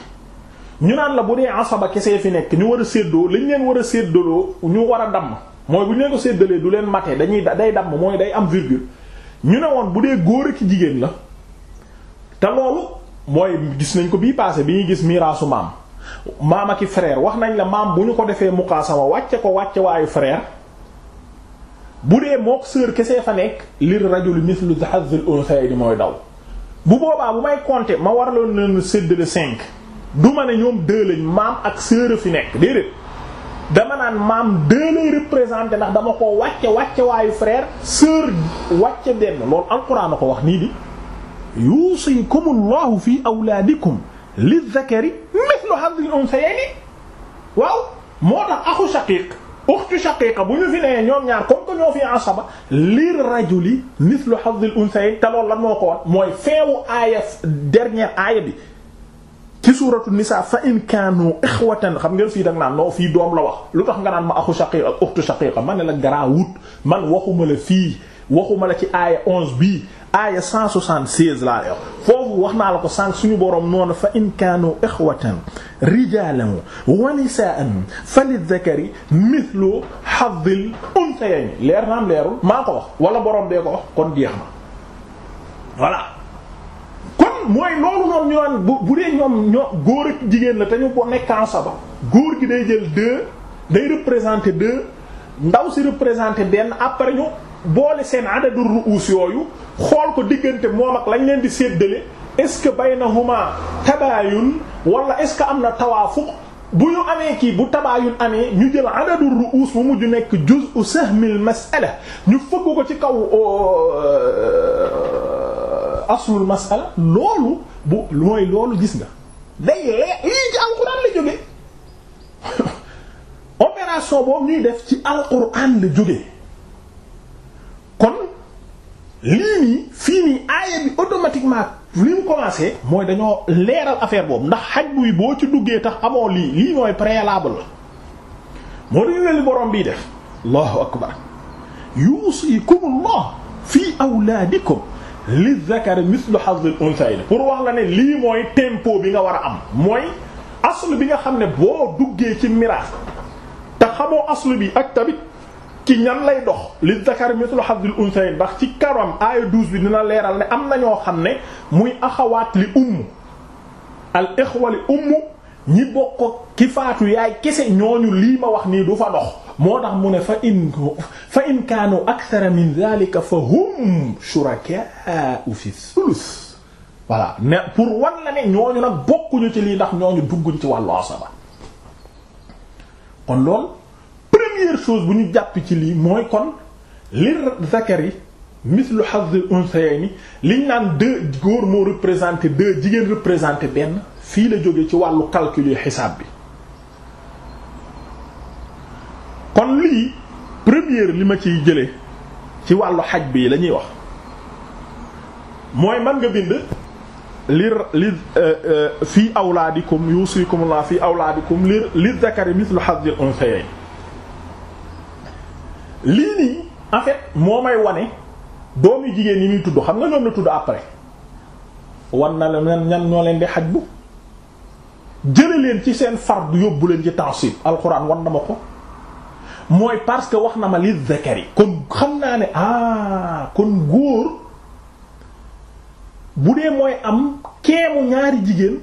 ñu naan la bu dee asaba kesee fi nekk ñu war a séddoo lañ leen war a séddoo ñu war a damm mooy bu ñu ko séddalee du leen mate dañuy day damm mooy day am virgule ñu ne woon bu dee góor ak jigéen la te loolu mooy gis nañ ko bii passé bi ñuy gis miraasu maam maam ak i frère wax nañ la maam bu ñu ko defee muqaasama wàcce ko wàcce waayu frère bu dee mook sœur kese fa nekk liir lir rajuli mithlu hadhil unsayni mooy daw bu boobaa bu may compter ma waraloon leen séddale cinq du ma ne ñoom deux lañ maam ak sœur fi nekk déedéet. dama naan maam deux lay représenté ndax dama ko wàcce wàcce waayu frère sœur wàcce benn loolu alquran a ko wax nii di yuusikumullahu fi awlaadikum lizakari mithlu hadhil unsayayni waaw moo tax axu shaqiq uxtu shaqiqa bu ñu fi nee ñoom ñaar comme que ñoo fi asaba lir rajuli mithlu hadhil unsayayni te loolu lan moo ko wax mooy few aaya dernière aaya bi ci suuratu nisaa fa in kaanu ixwatan xam ngeen fii da naan non fii doom la wax lu tax nga naan ma axu shaqiiq ak uxtu shaqiiqa man ne la grand wut man waxuma la fii waxuma la ci aaya 11 bii aaya 176 laa yor foofu wax naa la ko sànq suñu borom noonu fa in kaanu ixwatan rijaalan wa nisaa'an falizzakari mithlu hazzil unsayayni leer naam leerul maa ko wax wala borom bee ko wax kon jeex na voilà. kon mooy loolu noonu ñu naan bu bu dee ñoom ñoo góor ak jigéen la te ñu bo nekk en saba góor gi day jël deux day représenter deux ndaw si représenter benn après ñu boole seen adadu ruus yooyu xool ko diggante moom ak lañ leen di séddale est-ce que baynahuma tabaayun wala est-ce que am na tawaafuq bu ñu amee kii bu tabaayun amee ñu jël adadu ruus mu mujj nekk juz'u sahmil mas'ala ñu fëgg ko ci kaw. Oh, euh, aslul masala loolu bu mooy loolu gis nga day lee lii ci alxuraan la jóge opération boobu ñuy def ci alxuraan la jóge kon lii nii fii nii aaya bi automatiquement li mu commencé mooy dañoo leeral affaire boobu ndax xaj buy boo ci duggee tax amoo lii lii mooy préalable la moo dañu li borom bii def allahu akbar yuusikumullah fii awlaadikum li zakari mislu hazl unsayni pour wax la ne lii mooy tempo bi nga war a am mooy aslu bi nga xam ne boo duggee ci miraas te xamoo aslu bi ak tamit ki ñan lay dox li zakari mislu hazl unsayni ndax ci karam aaya 12 bi dina leeral ne am na ñoo xam ne muy axawaat li umm al ixwa li umm ñi bokk ki faatu yaay kese ñooñu lii ma wax nii du fa dox moo tax mu ne fa in fa in kaanu akthara min dhalika fa hum shurakaa'u fi thuluth voilà ne pour wan la ne ñooñu nag bokkuñu ci lii ndax ñooñu dugguñ ci wàllu asaba kon lool première chose bu ñu jàpp ci lii mooy kon li zakari mithlu hazz al unsayni liñ naan deux góor moo représenté deux jigéen représenté benn fii la jóge ci wàllu calcul yi xisaab bi kon lii première li ma ciy jële ci wàllu xaj bi lañuy wax mooy mën nga bind li li euh, euh, fii awlaadikum yuusikumullah fii awlaadikum li li zakari mithlu hazzil unthayayn lii nii en fait moo may wane doomu jigéen yi muy tudd xam nga ñoom la tudd après wan na la ñan ñoo leen di xaj bu jële leen ci seen fard yóbbu leen ci tansib alquran wan na ma ko mooy parce que wax na ma li zakari kon xam naa ne ah kon góor bu dee mooy am keemu ñaari jigéen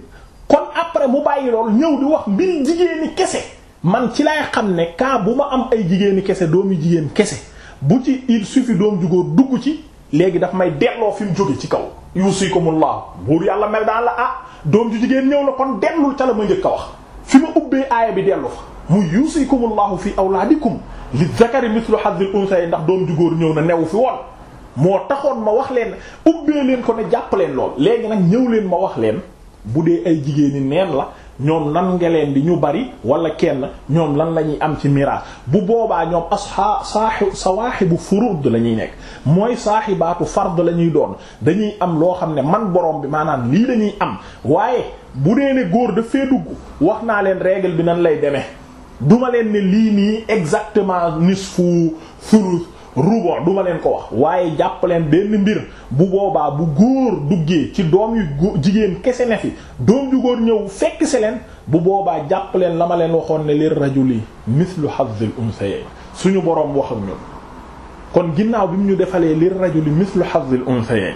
kon après mu bàyyi lool ñëw di wax mbir jigéeni kese man ci lay xam ne cas bu ma am ay jigéeni kese doomu jigéen kese bu ci il suffit doom ju dugg ci léegi daf may delloo fi mu ci kaw yuusikumullah buur yàlla mel daan la ah doom ju jigéen ñëw na kon dellul ca la ma njëkk a wax fi ma ubbee aaya bi dellu fa mu yuusikumullahu fi awlaadikum li zakari mithlu hazzil unsay ndax doom ju góor ñëw na newu fi woon moo taxoon ma wax leen ubbee leen ko ne jàpp leen lool léegi nag ñëw leen ma wax leen bu dee ay jigéeni neen la ñoom nan nga leen ñu bari wala kenn ñoom lan la ñuy am ci miraas bu boobaa ñoom asxaa saaxi sawaaxibu furud la ñuy nekk mooy saaxibaatu fard la ñuy doon dañuy am loo xam ne man borom bi maanaam lii lañuy am waaye bu dee ne góor dafee dugg wax naa leen règle bi nan lay demee duma leen ne lii nii exactement nisfu fulus ruban du ma leen ko wax waaye jàppaleen leen benn mbir bu boobaa bu góor duggee ci doom yu jigéen kese ne fi doom ju góor ñëw fekk si leen bu boobaa jàppaleen la ma leen waxoon ne lir rajuli mislu hazzil unsayay suñu boroom wax ak ñun kon ginnaaw bi mu ñu defalee lir rajuli mislu hazzil unsayay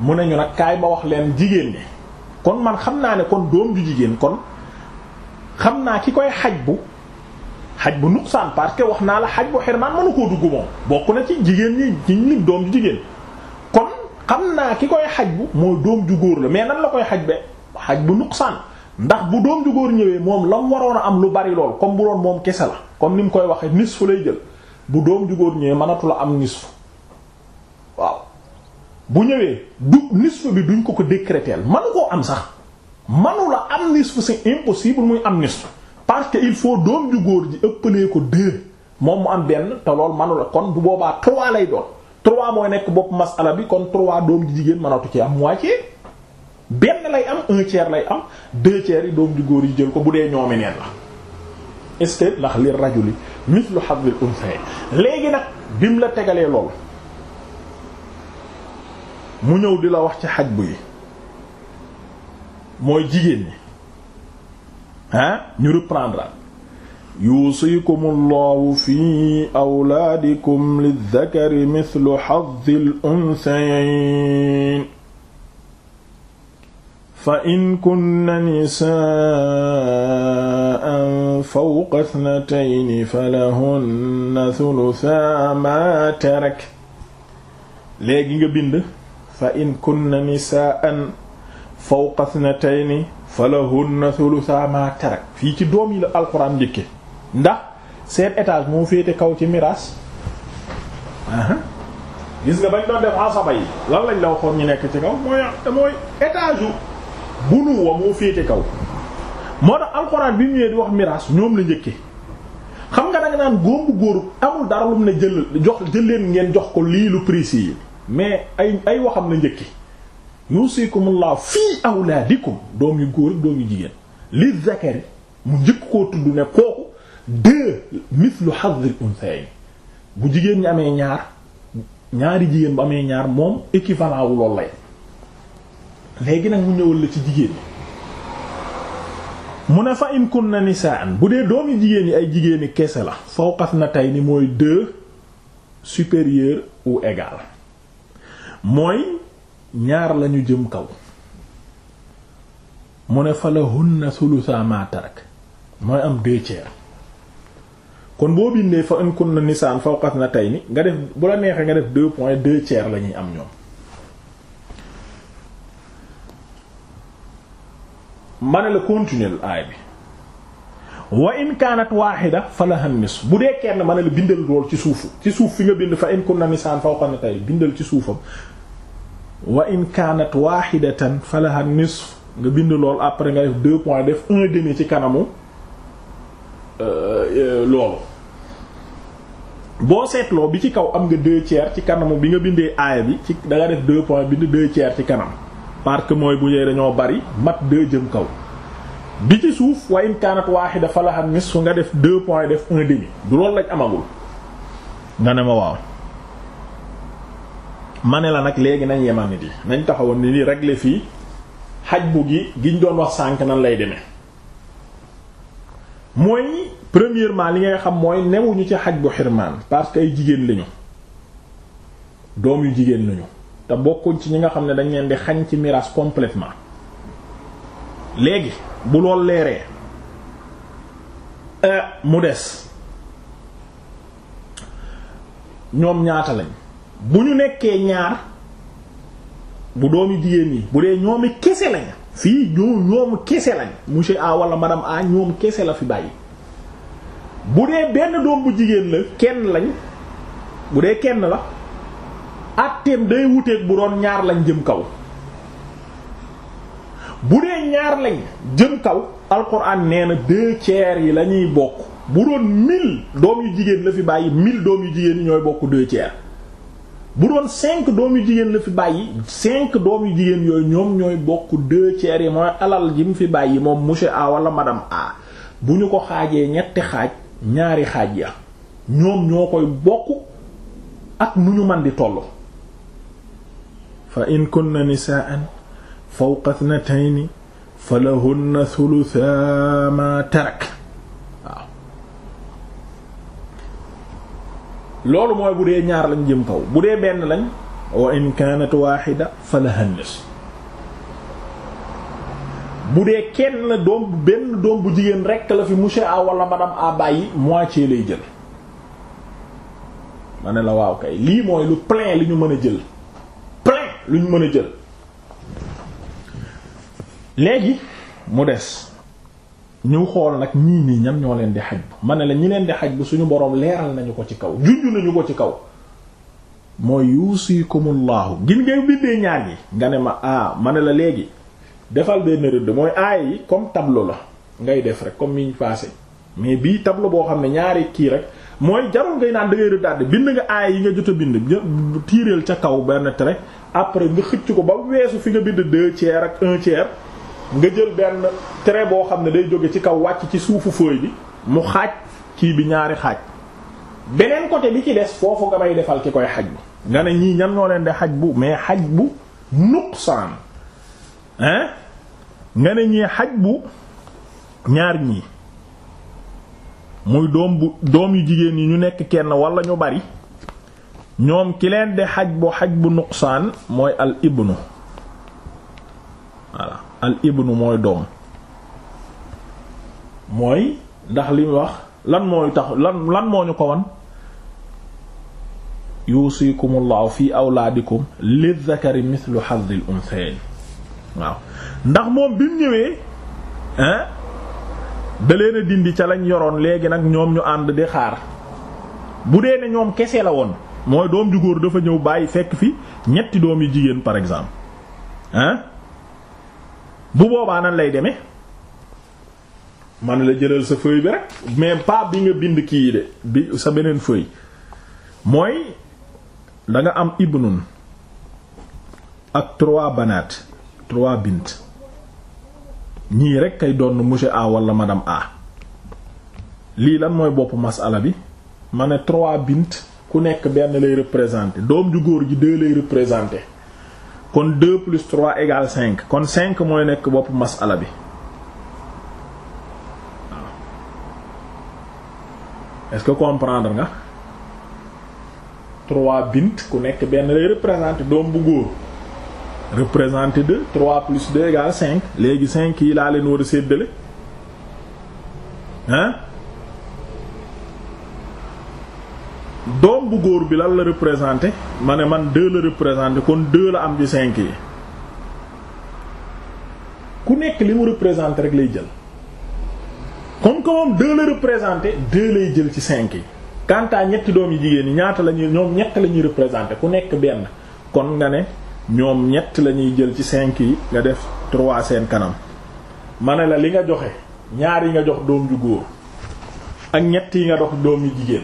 mu ne ñu nag kaay ma wax leen jigéen ñi kon man xam naa ne kon doom ju jigéen kon xam naa ki koy xaj bu xaj bu nuqsaan parce que wax naa la xaj bu xirmaan mënu koo dugg moom bokk na ci jigéen ñi ñu lim doom ju jigéen kon xam naa ki koy xaj bu mooy doom ju góor la mais nan la koy xaj be xaj bu nuqsaan ndax bu doom ju góor ñëwee moom la mu waroon a am lu bari lool comme bu doon moom kese la comme ni mu koy waxee nisfu lay jël bu doom ju góor ñëwee mënatu am nisfu waaw bu ñëwee du nisfu bi duñ ko ko décréter manu koo am sax manu la am nisfu c'est impossible muy am nisfu parce que il faut doom ju góor ji ëppalee ko deux moom mu am benn te lool manula kon bu boobaa trois lay doon trois mooy nekk bopp masala bi kon trois doom ji jigéen manatu ci am ci benn lay am un lay am deux tiers yi doom ju góor yi jël ko bu dee ñoomi neen la est-ce que ndax li rajuli mislu hadhil unsay léegi nag bim la tegalee lool mu ñëw di la wax ci xaj bu yi mooy jigéen ñi ah ñu reprendre yuusikumullahu fi awlaadikum lizzakari mithlu hazzil unsayayn fa in kunna nisaa'an fawqa ithnatayni falahunna thuluthaa maa tarak léegi nga bind fa in kunna nisaa'an fawqa thnatayni falahunna thulutha ma tarak fii ci doom yi la alxuraan njëkke ndax seen mu moo féete kaw ci miraas gis nga bañ doon def asaba yi lan lañ la waxoon ñu nekk ci kaw mooy mooy étage bu nu wa moo féete kaw moo tax alxuraan bi ñëwee di wax miraas ñoom la njëkke xam nga da nga naan góobu góor amul dara lu ne jël jox jëlleen ngeen jox ko lii lu précis yi mais ay ay waxam la njëkke yuusikumullahu fii awlaadikum doom yu góor ak doom yu jigéen li zakari mu njëkk koo tudd ne kooku deux mithlu hazzil unsayni bu jigéen ñi amee ñaar ñaari jigéen bu amee ñaar moom équivalent wu loolu lay léegi nag mu ñëwal la ci jigéen ñi mu ne fa in kunna nisaan bu dee doomi jigéen yi ay jigéeni kese la fawqas na tey ni mooy deux supérieur ou égal mooy ñaar lañu jëm kaw mu ne fa la hunna thulutha ma tarak mooy am deux tiers kon boo bindee fa in kunna nisaan na tey ni nga def la nga def deux points deux tiers la ñuy am ñoom ma ne la aay bi wa in waaxida fa la hannis bu dee kenn ma ne la bindal lool ci suufu ci suuf fi nga bind fa in kunna nisaan fawqat na tey bindal ci suufam wa in kaanat wahidatan falaha nisf nga bind lool après nga def deux points def un demi ci kanamu euh, euh, loolu boo seetloo bi ci kaw am nga deux ci kanamu bi nga bindee aaya bi ci da nga def deux bi bind deux tiers ci kanam parce que mooy bu ñëwee dañoo bari mat deux jëm kaw bi ci suuf wa in kaanat wahida falaha nisf nga def deux points def un demi du loolu lañ amagul nga ne ma waaw ma ne la nag léegi nañ yemal nit yi nañ taxawoon ni li régler fii xaj bu gi giñ doon wax sànk nan lay demee mooy premièrement li ngay xam mooy newuñu ci xaj bu xirmaan parce que ay jigéen lañu doom yu jigéen lañu te bokkuñ ci ñi nga xam ne dañ leen di xañ ci miraas complètement léegi bu lool leeree euh, mu des ñoom ñaata lañ bu ñu nekkee ñaar bu doomi jigéen yi bu dee ñoomi kese lañ fii ñoo ñoomu kese lañ monsieur A wala madame A ñoom kese la fi bàyyi bu dee benn doom bu jigéen la kenn lañ bu dee kenn la àtteem day wuteeg bu doon ñaar lañ jëm kaw bu dee ñaar lañ jëm kaw alxuraan nee na deux yi lañuy bokk bu doon mille doom yu jigéen la fi bàyyi mille doom yu jigéen yi ñooy bokk deux tiers bu doon cinq doom yu jigéen la fi bàyyi cinq doom yu jigéen yooyu ñoom ñooy bokk deux tiers yi mooy alal ji mu fi bàyyi moom monsieur A wala madame A bu ñu ko xaajee ñetti xaaj ñaari xaaj ya ñoom ñoo koy bokk ak nu ñu man di toll fa in kunna nisaan fawqa thnatayni falahunna thulutha ma tarak loolu mooy bu dee ñaar lañ jëm kaw bu dee benn lañ wa in kanat wahida falaha nisf bu dee kenn la doom benn doom bu jigéen rekk la fi monsieur a wala madame a bàyyi moitié lay jël ma ne la waaw kay lii mooy lu plein li ñu mën a jël plein lu ñu mën a jël léegi mu des ñu xool nag ñii nii ñam ñoo leen di xaj bu ma ne la ñi leen di xaj bu suñu boroom leeral nañu ko ci kaw junj nañu ko ci kaw mooy yuusikumullahu gin ngay bindee ñaar yi nga ne ma ah ma ne la léegi defal benn rëdd mooy aaya yi comme tableau la ngay def rek comme miñ passé mais bii tableau boo xam ne ñaari kii rek mooy jarul ngay naan da ngay bind nga aaya yi nga jot a bind tiireel ca kaw benn trait après nga xëcc ko ba weesu fi nga bind deux tiers ak un nga jël benn trait boo xam ne day jóge ci kaw wàcc ci suufu feuille bi mu xaaj kii bi ñaari xaaj beneen côté bi ci des foofu nga may defal ki koy xaj bu nga ne ñii ñan ñoo leen di bu mais xaj bu nuqsaan hein nga xaj bu ñaar ñii muy doom bu doom yu jigéen yi ñu nekk kenn walla ñu bari ñoom ki leen di xaj bu xaj bu nuqsaan mooy al ibnu al ibnu mooy doom mooy ndax li wax lan mooy tax lan lan moo ñu ko wan yuusikumullahu fi awlaadikum lizakari mithlu hazzil unsayn waaw ndax moom bi mu ñëwee hein da leen dindi ca lañ yoroon léegi nag ñoom ñu ànd di xaar bu dee ne ñoom kese la woon mooy doom ju góor dafa ñëw bàyyi fekk fi ñetti doom yi jigéen par exemple hein bu boobaa nan lay demee man la jëlal sa feuille bi rek mais pas bi nga bind kii de bi sa beneen feuille mooy da nga am ibnun ak trois banaat trois bind ñii rek ay doon monsieur A wala madame A lii lan mooy bopp masala bi ma ne trois bint ku nekk benn lay représenter doom ju góor ji deux lay représenter kon 2 plus 3 égale cinq kon cinq mooy nekk bopp masala bi waaw que comprendre nga 3 bint ku nekk benn lay doom bu góor représenter 2 3 plus 2 égale léegi cinq yi laa leen war a séddale hein doom bu góor bi lan la représenté ma ne man deux la représenté kon deux la am ci cinq yi ku nekk li mu représenté rek lay jël kon que moom deux la représenté deux lay jël ci cinq yi quant ñetti doom yi jigéen ñi ñaata la ñuy ñoom ñett la ñuy représenté ku nekk benn kon nga ne ñoom ñett la ñuy jël ci cinq yi nga def trois seen kanam ma ne la li nga joxe ñaar yi nga jox doom ju góor ak ñett yi nga dox doom yu jigéen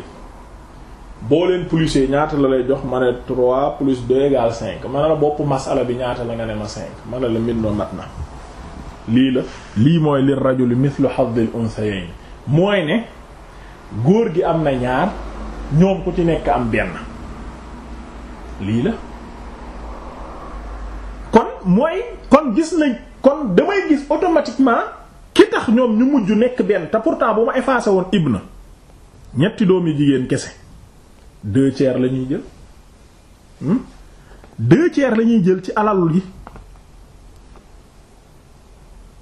boo leen plusee ñaata la lay jox ma ne 3 plus 2 égale ma ne la bopp masala bi ñaata la nga ne ma ma ne la mit mat na lii la lii mooy li rajuli mithlu hazzil unsayayn mooy ne góor gi am na ñaar ñoom ku ci nekk am benn lii la kon mooy kon gis nañ kon damay gis automatiquement ki tax ñoom ñu mujj nekk benn te pourtant bu ma effacé woon ibna ñetti doomi jigéen kese deux tiers la ñuy jël hmm? deux tiers la ñuy jël ci alalul yi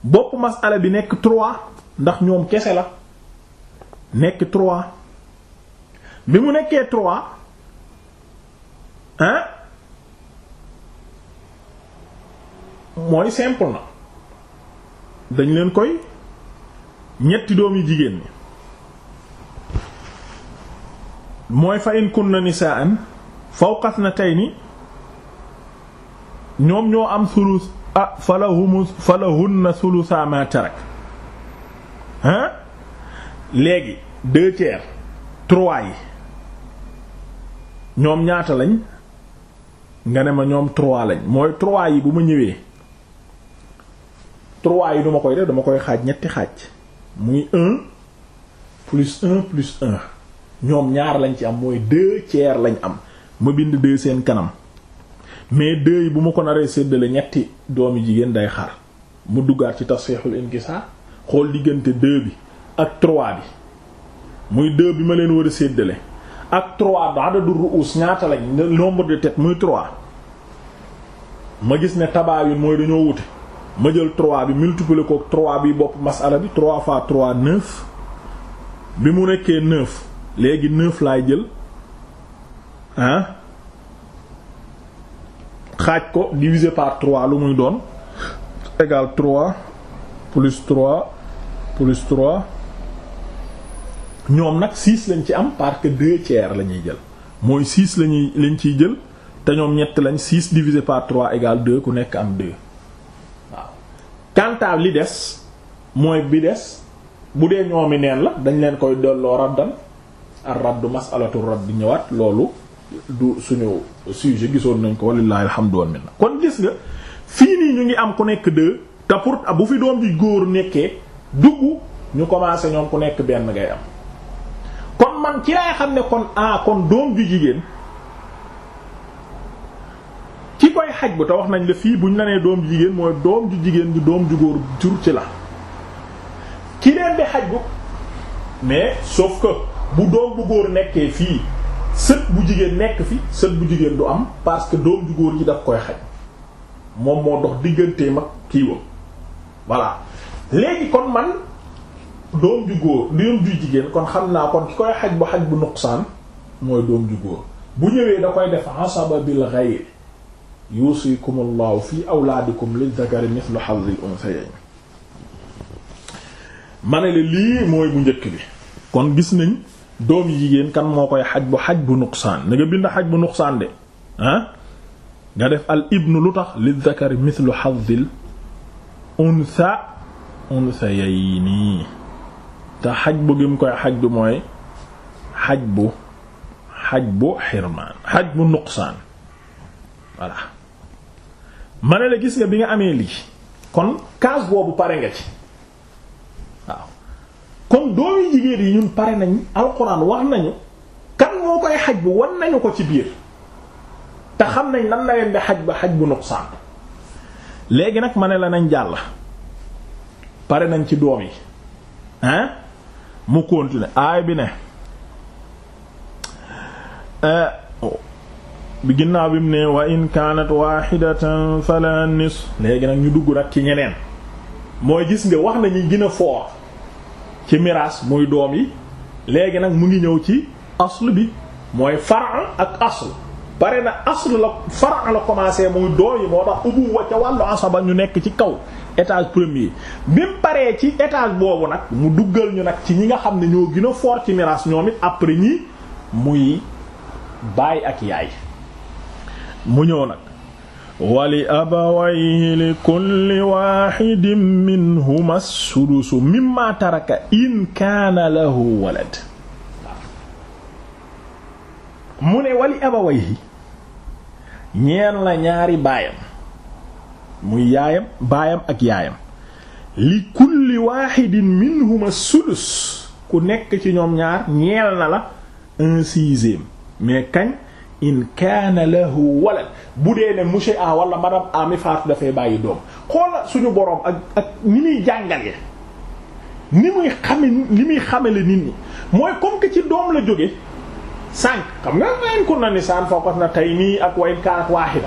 bopp masala bi nekk trois ndax ñoom kese la nekk trois bi mu nekkee trois hein mooy simple na dañ leen koy ñetti doom yi jigéen ñi mooy fa in kunna nisaan fawqat na tey ni ñoom ñoo am sulus ah falahumu na sulusa ma tarak hein léegi deux tiers trois yi ñoom ñaata lañ nga ne ma ñoom trois lañ mooy trois yi bu ma ñëwee trois yi du ma koy def dama koy xaaj ñetti xaaj muy un plus un plus un ñoom ñaar lañ ci am mooy deux tiers lañ am ma bind deux seen kanam mais deux yi bu ma ko naree séddale ñetti doomi jigéen day xar mu duggaat ci tasfihul inkisaar xool diggante deux bi ak trois bi muy deux bi ma leen war a séddale ak trois adadu ru'us ñaata lañ nombre de têtes muy trois ma gis ne tabaayun mooy dañoo wute ma jël trois bi multiplier ko trois bi bopp masala bi trois fois trois neuf bi mu nekkee neuf léegi neuf laay jël ah ko divisé par trois lu muy doon égal trois plus trois plus trois ñoom nag six lañ ci am parce que deux la ñuy jël mooy six lañuy lañ ciy jël te ñoom ñett lañ six divisé par trois égal deux ku nekk am deux waaw quant à li des mooy bi des bu dee ñoomi neen la dañ leen koy delloo raddan ar-radd mas'alatu ar-radd ñëwaat loolu du suñu sujet gisoon nañ ko wallaahi alhamdulillah kon gis nga fii nii ñu ngi am ku nekk deux te pour bu fi doom ji góor nekkee dugg ñu commencé ñoom ku nekk benn ngay am kon man ci laay xam ne kon ah kon doom ju jigéen ci koy xaj bu te wax nañ la fii buñ la nee doom jigéen mooy doom ju jigéen ju doom ju góor jur ci la ki leen di xaj bu mais sauf que bu doom bu góor nekkee fii sët bu jigéen nekk fi sët bu jigéen du am parce que doom ju góor ji daf koy xaj moom moo dox diggantee mag kii wam voilà léegi kon man doom ju góor doom ju jigéen kon xam naa kon ki koy xaj bu xaj bu nuqsaan mooy doom ju góor bu ñëwee da koy def asaba bil ghayr yusikum allahu fi awlaadikum lil dhakari mithlu hadhil unthayayn ma ne la lii mooy bu njëkk bi kon gis nañ doom yi jigéen kan moo koy xaj bu xaj bu nuqsaan na nga bind xaj bu nuqsaan de ah nga def al ibnu lu tax li zakari mithlu hazzil unsa unsa yay nii te xaj bu gim koy xaj bu mooy xaj bu xaj bu xirmaan xaj bu nuqsaan voilà ma ne la gis nga bi nga amee lii kon kaas boobu pare nga ci kon doomi jigéen yi ñun pare nañ alxuraan wax nañu kan moo koy xaj bu wan nañu ko ci biir te xam nañ nan la leen di xaj ba xaj bu nuqsaan léegi nag ma ne la nañ jàll pare nañ ci doom yi hein mu continuer aay bi ne eh, bi ginnaaw bi mu ne wa in kaanat wahidatan fala nis léegi nag ñu dugg nag ci ñeneen mooy gis nga wax nañu gën a ci miraas muy doom yi léegi nag mu ngi ñëw ci asl bi mooy fara ak asl bare na asl la fara la commencé muy doom yi moo tax ubuwa ca wàllu asaba ñu nekk ci kaw étage premier bi mu paree ci étage boobu nag mu duggal ñu nag ci ñi nga xam ne ñoo gën foor ci miraas ñoom it après ñi muy baay ak yaay mu ñëw nag wali abawayhi li kulli waaxidin minhuma sudusu mimma taraka in kaana lahu walad mu ne wali abawayhi ñeen la ñaari baayam muy yaayam baayam ak yaayam li kulli waaxidin minhuma sudus ku nekk ci ñoom ñaar ñeel na la un sixième kañ in kaana lahu walla bu dee ne monsieur A wala madame A mi faatu dafay bàyyi doom xoola suñu boroom ak ak ni muy jàngalee ni muy xame li muy xamale nit ñi mooy comme que ci doom la jóge sànq xam nga wayn ko na ni saan fookas na tey nii ak wayn kaanat waaxida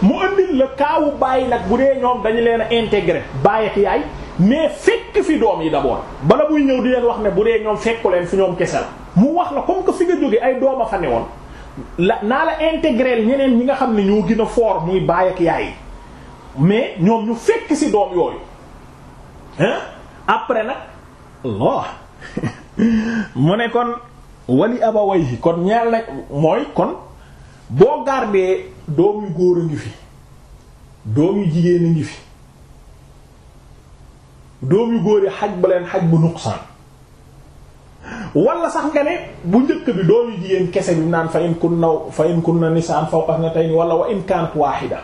mu andil la kaawu bàyyi nag bu dee ñoom dañu leen a intégré bàyyi ak yaay mais fekk fi doom yi d'abord bala muy ñëw di leen wax ne bu dee ñoom fekku leen fi ñoom kese la mu wax la comme que fi nga jóge ay doom a fa newoon la naa la intégrer ñeneen ñi nga xam ne ñoo gin a fort muy baay ak yaay mais ñoom ñu fekk ci doom yooyu hein après nag Allah mu ne kon wali abawayhi kon ñaar nag mooy kon boo gardé doom yu góor a ngi fi doom yu jigéen a ngi fi doom yu góor yi xaj ba leen xaj bu nuqsaan wala sax nga ne bu njëkk bi doomu jigéen kese bi naan fa in kunna fa in kunna nisaan fawqa natayni wala wa in kaanat waahida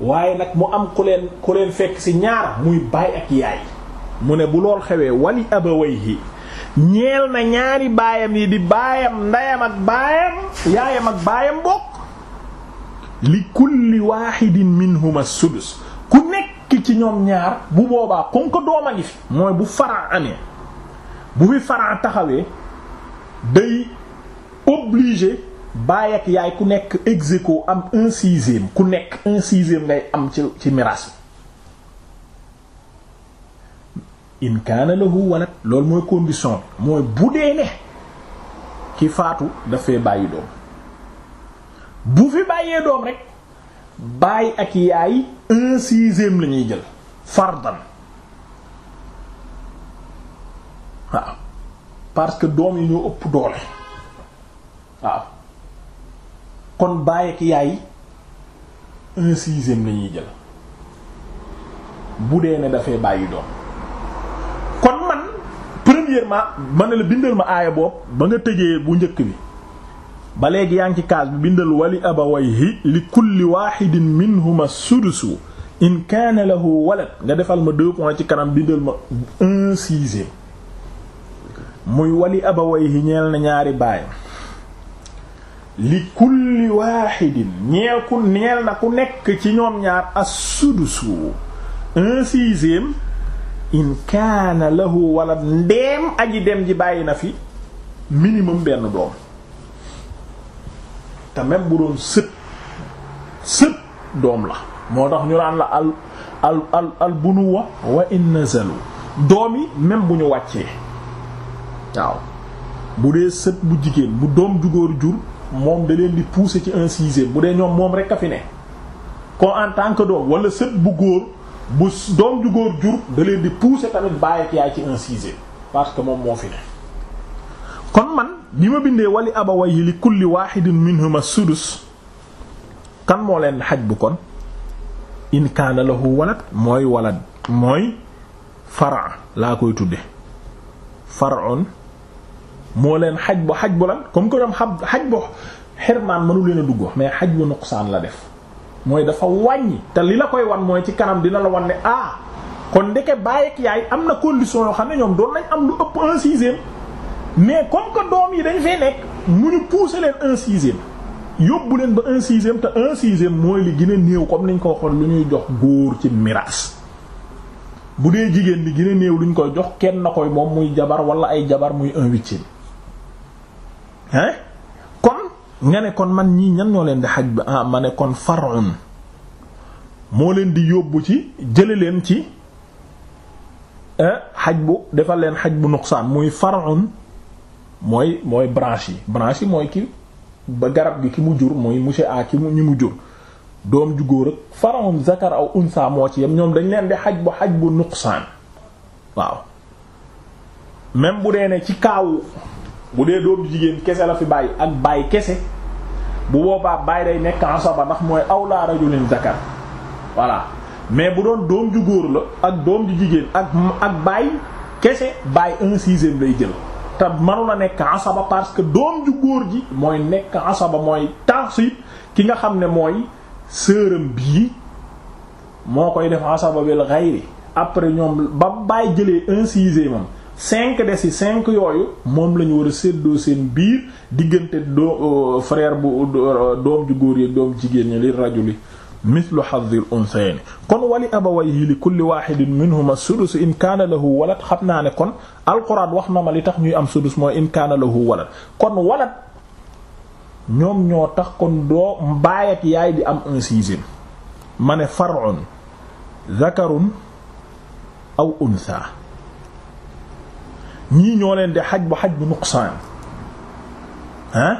waaye nag mu am ku leen ku leen fekk ci ñaar muy baay ak yaay mu ne bu lool xewee wali abawayhi ñeel na ñaari baayam yi di baayam ndeyam ak baayam yaayam ak baayam bokk li kulli waahidin minhuma sudus ku nekk ci ñoom ñaar bu boobaa kon ko doom a ngi fi mooy bu fara amee bu fi faran taxawee day obligé baay ak yaay ku nekk ex am un sixième ku nekk un sixième ngay am ci ci miraas bi in kaana lahu walad loolu mooy condition bi mooy bu dee ne ki faatu dafay bàyyi doom bu fi bàyyee doom rek baay ak yaay un sixième la ñuy jël fardan waaw parce que doom yi ñoo ëpp doole waaw kon baay ak yaay un jël bu dee ne dafay bàyyi doom kon man premièrement ma ne la bindal ma aaya boobu ba nga tëjee bu njëkk bi ba léegi yaa ngi ci kaas bi bindal wali abawayhi li kulli wahidin minhuma sudusu in kaana lahu walad nga defal ma deux points ci kanam bindal ma un sixième muy wali abawayhi ñeel na ñaari baayam li kulli waaxidin ñeel ku ñeel na ku nekk ci ñoom ñaar as-sudusu un sixième in kaana lahu walad ndeem aji dem ji bàyyi na fi minimum benn doom te même bu doon sët sët doom la moo tax ñu naan la al al al al bunuwa wa in nazalu doom yi même bu ñu wàccee waaw bu dee sët bu jigéen bu doom ju góor jur moom da leen di pousser ci un bu dee ñoom moom rek a fi ne kon en tant que doom wala sët bu góor bu doom ju góor jur da leen di pousser tamit bàyyi yaay ci un parce que moom moo fi ne kon man bi ma bindee wali abawayhi li kulli wahidin minhuma sudus kan moo leen xaj bu kon in kaana lahu walad mooy walad mooy fara laa koy tudde far'un moo leen xaj bu xaj bu lan comme que dem xam xaj bu xirmaan mënu leen a dugg mais xaj bu nuqsaan la def mooy dafa wàññi te li la koy wan mooy ci kanam dina la wan ne ah kon ndeke baay ak yaay am na condition yoo xam ne ñoom doon nañ am lu ëpp un sixième mais comme que doom yi dañ fee nekk mu ñu pousser leen un sixième yóbbu leen ba un sixième te un sixième mooy li gën a néew comme niñ ko waxoon lu ñuy jox góor ci miraas bu dee jigéen li gine a néew lu ñu koy jox kenn na koy moom muy jabar wala ay jabar muy un hein kon nga ne kon man ñii ñan ñoo leen di xaj ba ah ma ne kon far'un moo leen di yóbbu ci jële leen ci xaj bu defal leen xaj bu nuqsaan muy far'un mooy mooy branche yi branche yi mooy ki ba garab gi ki mu jur mooy monsieur a ki mu ñu mu jur doom ju góor ak far'un zakar aw unsa moo ci yam ñoom dañ leen di xaj bu xaj bu nuqsaan waaw même bu dee ne ci kaawu bu dee doom jigéen kese la fi bàyyi ak bàyyi kese bu boobaa bàyyi day nekk asaba ndax mooy awlaa rajulin zakar voilà mais bu doon doom ju góor la ak doom ju jigéen ak ak bàyyi kese bàyyi un lay jël te manu la nekk asaba parce que doom ju góor ji mooy nekk asaba mooy tansib ki nga xam ne mooy sëram bii moo koy def asaba bil ghayri après ñoom ba bàyyi jëlee un sixième cinq des yi cinq yooyu moom lañu ñu war a séddoo seen biir diggante doo euh, frère bu euh, doom ju góor yi doom jigéen ñi li rajuli mithlu hazzil unsayni kon wali abawayhi li kulli wahidin minhuma sudus in kaana lahu walad xam naa ne kon alquran wax na ma li tax ñuy am sudus mooy in kaana lahu walad kon walad ñoom ñoo tax kon doo mbaay ak yaay di am un sixième ma ne far'un dhakarun aw untha ñii ñoo leen di xaj bu xaj bu nuqsaan ah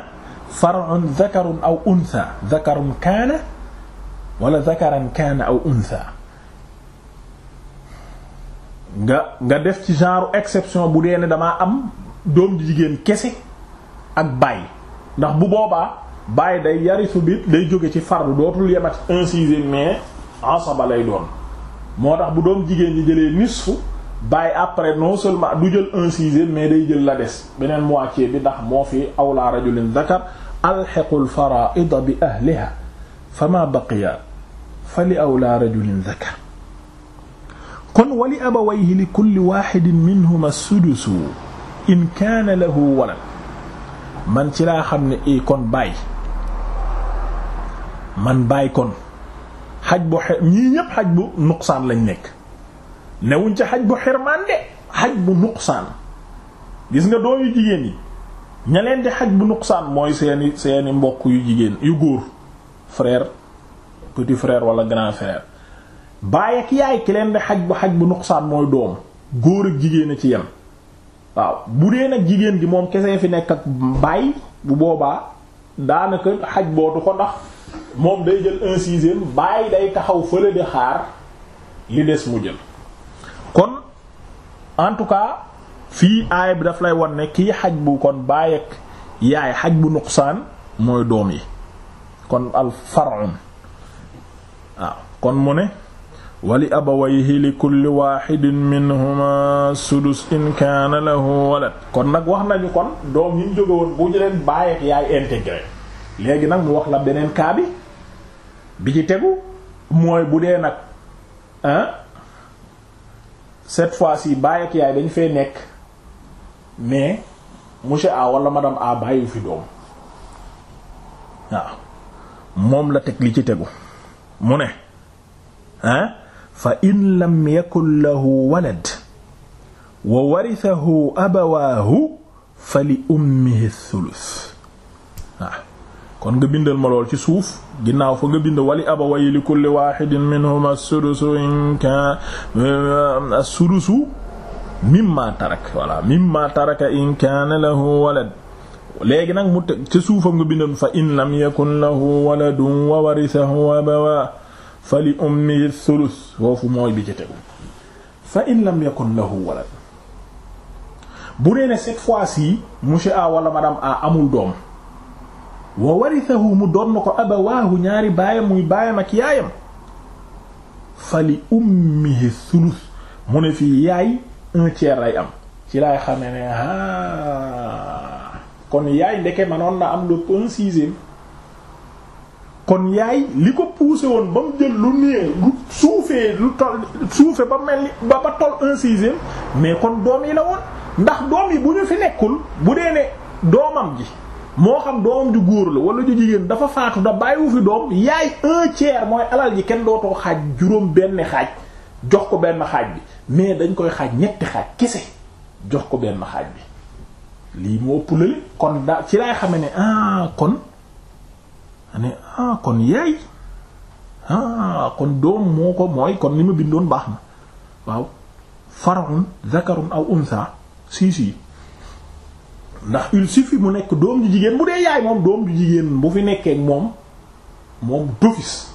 far dhakarun aw untha dhakarun kaana wala dhakaran kaana aw untha nga nga def ci genre exception bu dee ne damaa am doom di jigéen kese ak baay ndax bu boobaa baay day yarisu bi day jóge ci fardu dootul yem ak sixième mais asaba lay doon moo tax bu doom jigéen ñi jëlee nisfu bàyyi après non seulement du jël un sixième mais day jël la des beneen moitié bi ndax moo fi awlaa rajulin zakar alxiqu lfaraida bi ahliha fama baqiya fa li awlaa rajulin zakar kon in kaana lahu walad man ci laa xam ne eh, kon bàyyi man bàyyi kon xaj bu ñii ñépp xaj bu nuqsaan lañ nekk newuñ ci xaj bu xirmaan de xaj bu nuqsaan gis nga doom yu jigéen yi ña leen di xaj bu nuqsaan mooy seeni seeni mbokk yu jigéen yu góor frère petit frère wala grand frère baay ak yaay ki leen di xaj bu xaj bu nuqsaan mooy doom góor ak jigéen a ci yem waaw bu dee nag jigéen gi moom kese fi nekk ak baay bu boobaa daanaka xaj bootu ko ndax moom day jël un sixième baay day taxaw fële di xaar li des mu jël kon en tout cas fii aay bi daf lay won ne kii xaj bu kon baay yaay xaj bu nuqsaan mooy doom yi kon al far'un kon mu ne wali abawayhi li kulli waxidin minhuma sudus in kaana lahu walad kon nag wax nañu kon doom yi ñu jóge bu ñu leen baay yaay intégré léegi nag mu wax la beneen kaabi bi ci tegu mooy bu dee nag ah cette fois-ci baay ak yaay dañ fay nekk mais monsieur A wala madame A bàyyi fi doom moom la teg li ci tegu mu ne ah fa in lam yakun lahu walad wa warithahu abawaahu fa li ummihi thuluth kon nga bindal ma lool ci suuf ginnaaw fa nga bind wali abawayhi li kulli wahidin minhum as-sudusu in lahu walad léegi nag mu teg ca suufam nga bindal fa in lam yakun lahu waladun wa warithahu abawa fa li ummihi thuluth foofu mooy bi ci tegu fa in lam yakun lahu walad bu dee ne cette fois-ci monsieur A wala madame A amul doom wa warisahu mu doon na ko abawaahu ñaari baayam muy baayam ak yaayam fa li ummihi sulus mu ne fi yaay un tiers lay am ci lay xamee ne ah kon yaay ndeke manoon na am lu un sixième kon yaay li ko poussé woon ba mu jël lu néew lu suufee lu tol suufe ba mel ni ba ba tol un sixième mais kon doom yi la woon ndax doom yi bu ñu fi nekkul bu dee ne doomam ji moo xam doom ju góor la wala ju jigéen dafa faatu da bàyyiwu fi doom yaay un tiers mooy alal ji kenn dootoo xaaj juróom benn xaaj jox ko benn xaaj bi mais dañ koy xaaj ñetti xaaj kese jox ko benn xaaj bi lii moo ëpp kon da ci lay xame ne ah kon ne ah kon yaay ah kon doom moo ko mooy kon li ma bindoon baax na waaw far'un dhakarun aw untha si ndax il suffit mu nekk doom ju jigéen bu dee yaay moom doom ju jigéen bu fi nekkee moom moom d'office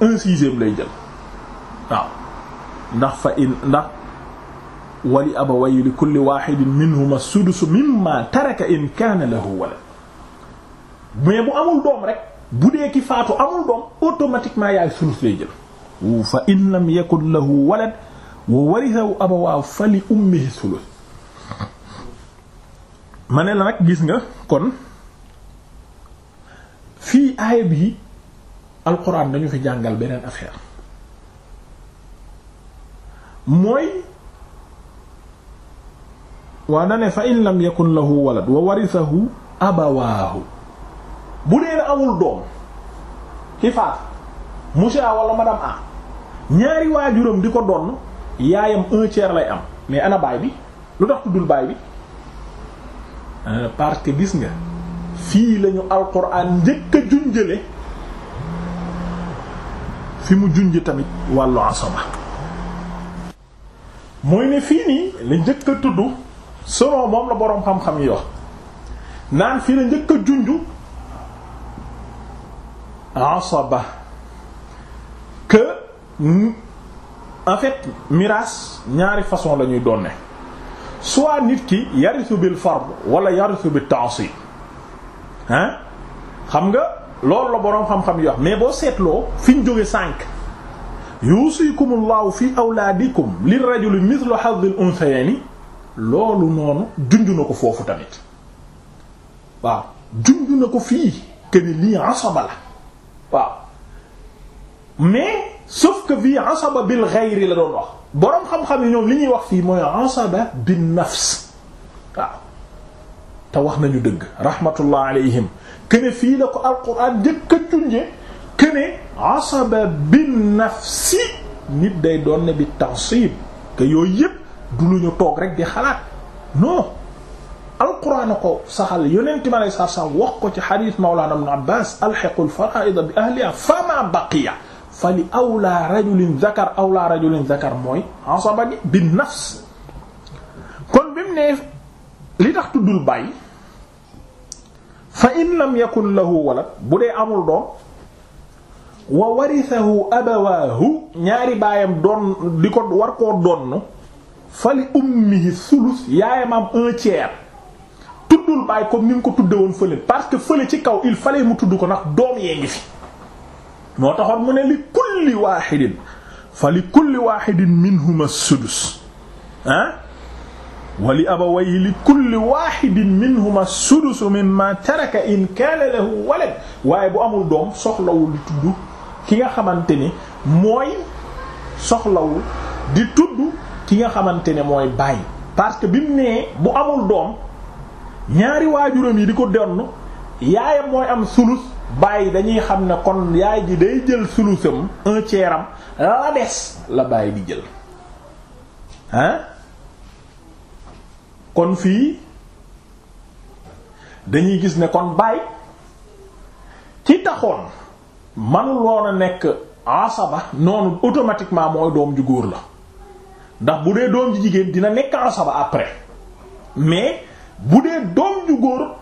un lay jël ndax fa in ndax wali abawayhi li kulli wahidin minhuma sudusu mimma taraka in kaana lahu walad mais bu amul doom rek bu dee ki faatu amul doom automatiquement yaay sulus lay jël wu fa in lam yakun lahu walad wa warithahu abawaahu fa li ummihi sulus ma ne la nag gis nga kon fii aaya bi alxuraan dañu fi jàngal beneen affaire mooy waa na ne fa in lam yakun lahu walad wa warisahu bu dee na doom ci faat monsieur A wala madame A ñaari waajuram di ko donn yaayam un tiers lay am mais ana baay bi lu tax tuddul baay bi Euh, parce que gis nga fii lañu alquran njëkk a jële fi mu junj tamit wàllu asaba mooy ne fii nii la njëkk a tudd selon moom la boroom xam-xam yi wax naan fii la njëkk a junj asaba que en fait miraas ñaari façon la ñuy doon soit nit ki yarisu bil fard wala yarisu bi ta'sib ah xam nga loolu la boroom xam-xam yi mais boo seetloo fi ñu jóge sànq yuusikumullahu fi awlaadikum lir rajuli mithlu hazzil unsayayni loolu noonu junju na ko foofu tamit waaw junj na ko fii que ni lii asaba la waaw mais sauf que fii asaba bil ghayri la doon wax boroom xam-xam yi ñoom li ñuy wax fii mooy asaba bin nafs waaw wax nañu dëgg rahmatullah alayhim kene fii la ko alquran njëkk a junje kene asaba bi nafsi nit day doon ne bi tansib que yooyu yépp du lu ñu toog rek di xalaat non alquran a ko saxal yonent mi alei satu wax ko ci xadis mawlana ibn abbas alhiqul fara'id bi ahliha fama baqiya fa li awlaa rajulin zakar awlaa rajulin zakar mooy asaba gi bi nafs kon bi mu ne li tax tuddul bàyyi fa in lam yakun lahu walad bu dee amul doom wa warisahu abawaahu ñaari baayam doon di ko war koo donn fa li ummihi sulus yaayam am un tiers tuddul bàyyi comme ni mu ko tudde woon fële parce que fële ci kaw il fallait mu tudd ko ndax doom yee ngi fi moo taxoon mu ne li kulli waaxidin fa li kulli waaxidin minhuma sudus ah wali abawayhi li kulli waaxidin minhuma sudusu mimma taraka in kaana lahu waaye bu amul doom soxlawul di tudd ki nga xamante ne mooy soxlawul di tudd ki nga xamante ne mooy baay parce que bi mu nee bu amul doom ñaari waajuram yi di ko donn yaayam mooy am sulus bàyyi dañuy xam ne kon yaay ji day jël sulusam un tiers des la bàyyi di jël hein kon fii dañuy gis ne kon bàyyi ci taxoon manul woon a nekk asaba noonu automatiquement mooy doom ju góor la ndax bu dee doom ji jigéen dina nekk asaba après mais bu dee doom ju góor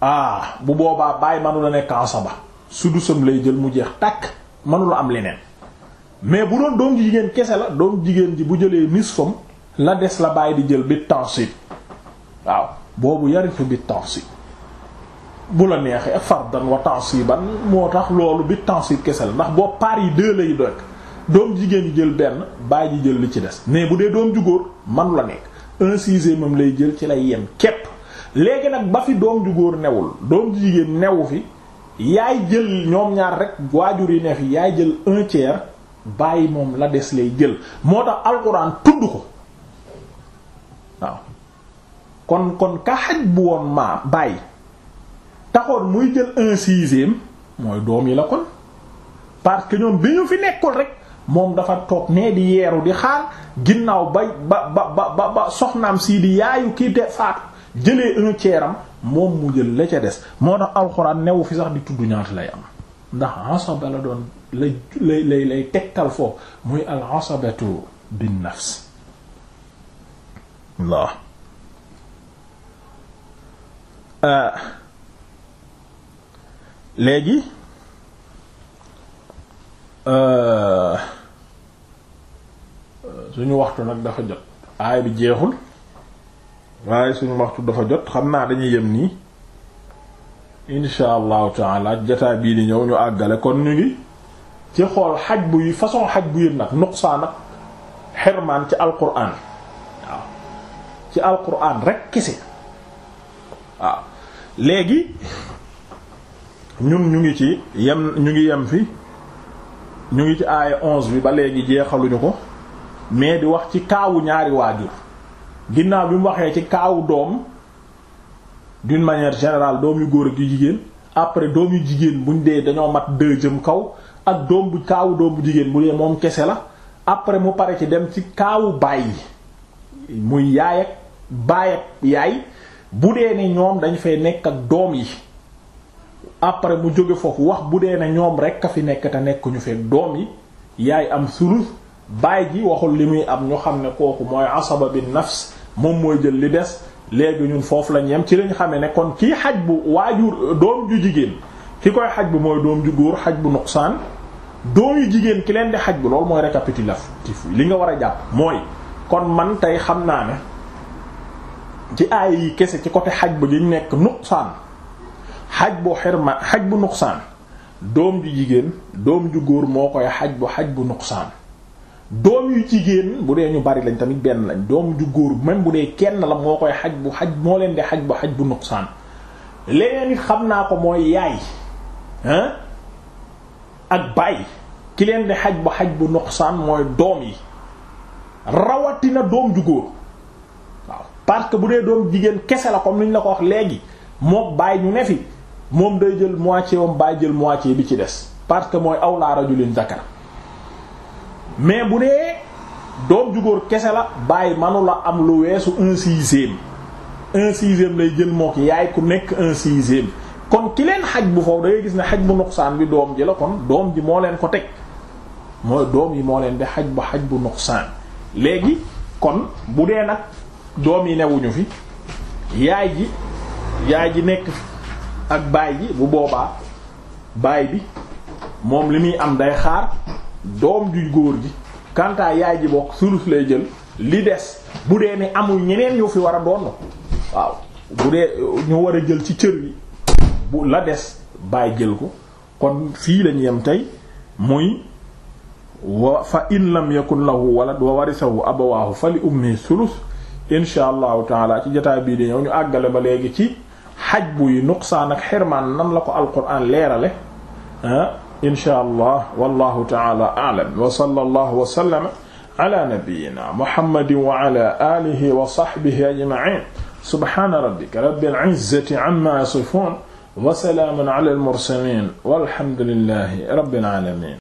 ah bu boobaa bàyyi manu la nekk asaba su dusam lay jël mu jeex tàkk manula am leneen mais bu doon doom jigéen kese la doom jigéen ji bu jëlee nisfam la des la bàyyi di jël bi tansib waaw boobu yaritu bi tansib bu la neexee fardan wa ban moo tax loolu bi tansib kese la ndax boo paar yi deux lay doon doom jigéen yi jël benn bàyyi ji jël li ci des mais bu dee doom ju góor man la nekk un sixième lay jël ci lay yem képp léegi nag ba fi doom ju góor newul doom ju jigéen newu fi yaay jël ñoom ñaar rekk waajur yi ne fi yaay jël un tiers bàyyi moom la des lay jël moo tax alxuraan tudd ko waaw kon kon ka xaj bu woon maa bàyyi taxoon muy jël un sixième mooy doom yi la kon parce que ñoom bi ñu fi nekkul rek moom dafa toog nee di yeeru di xaar ginnaaw ba ba ba ba soxnaam sii di yaayu kii te faatu jëlee un tiers am moom mu jël la ca des moo tax alxuraan newu fi sax di tudd ñaata lay am ndax asaba la doon lay lay lay tegtal foofu muy al asabatu bin nafs Allah euh, léegi euh, suñu waxtu nag dafa jot aay bi jeexul waaye suñu waxtu dafa jot xam naa dañuy yem nii insha allahu taala jataay bii di ñëw ñu àggale kon ñu ngi ci xool xaj bu yi façon xaj bu yëpp nag nuqsaan ak xerman ci alquran waaw ci alquran rek kese waaw léegi ñun ñu ngi ci yem ñu ngi yem fi ñu ngi ci aaya onze bi ba léegi jeexaluñu ko mais di wax ci kaawu ñaari waa waajur ginnaaw bi mu waxee ci kaawu doom d'une manière doom yu góor ak yu jigéen après doom yu jigéen bu buñ dee dañoo mat deux jëm kaw ak doom bu kaawu doom bu jigéen bu dee moom kese la après mu pare ci dem ci kaawu baay yi muy yaay ak baay ak yaay bu dee ne ñoom dañ fay nekk ak doom yi après mu jóge foofu wax bu dee ne ñoom rekk a fi nekk te nekkuñu fee doom yi yaay am sulus baay ji waxul li muy am ñu xam ne kooku mooy asaba bin nafs moom mooy jël li des léegi ñun foofu lañ yem ci lañ xamee ne kon kii xaj bu waajur doom ju jigéen ki koy xaj bu mooy doom ju góor xaj bu nuqsaan doom yu jigéen ki leen di xaj bu loolu mooy récapitulatif li nga war a jàpp mooy kon man tey xam naa ne ci aay kese ci côté xaj bu gi nekk nuqsaan xaj bu xirma xaj bu nuqsaan doom ju jigéen doom ju góor moo koy xaj bu xaj bu nuqsaan doom yu jigéen bu dee ñu bari lañ tamit benn lañ doom ju góor même bu dee kenn la moo koy xaj bu xaj moo leen di xaj bu xaj bu nuqsaan leneen it xam naa ko mooy yaay ak baay ki leen di xaj bu xaj bu nuqsaan mooy doom yi rawatina doom ju góor waaw parce que bu dee doom jigéen kese la comme ñu la ko wax léegi moo baay ñu ne fi moom day jël moitié wam baay jël moitié bi ci des parce que mooy awlaa rajulin zakar mais bu dee doom jugóor kese la bàyyi manula am lu weesu un sixième un sixième lay jël mook yaay ku nekk un sixième kon ki leen xaj bu foofu da gis ne xaj bu nuqsaan bi doom ji la kon doom ji moo leen ko teg mooy doom yi moo leen di xaj bu xaj bu nuqsaan léegi kon bu dee nag doom yi newuñu fi yaay ji yaay ji nekk fi ak baay ji bu boobaa baay bi moom li muy am day xaar doom ju góor ji kantaa yaay ji bokk sulus lay jël li des bu dee ne amul ñeneen ñu fi war a doon waaw bu dee ñu war a jël ci cër yi bu la des bàyyi jël ko kon fii lañu yem tey muy wa fa in lam yakun lahu walad wa warisahu abawaahu fa li ummi sulus insha allahu taala ci jotaay bii di ñëw ñu àggale ba léegi ci xaj buy yi nuqsaan ak xirmaan nan la ko alquran leerale ah. insha allah wallahu taala a'lam wa sallallahu wa sallama ala nabiyyina muhammadin wa ala alihi wa sahbihi ajma'in subhana rabbika rabbil izzati amma yasifun wa salamun ala al mursalin walhamdulillahi rabbil alamin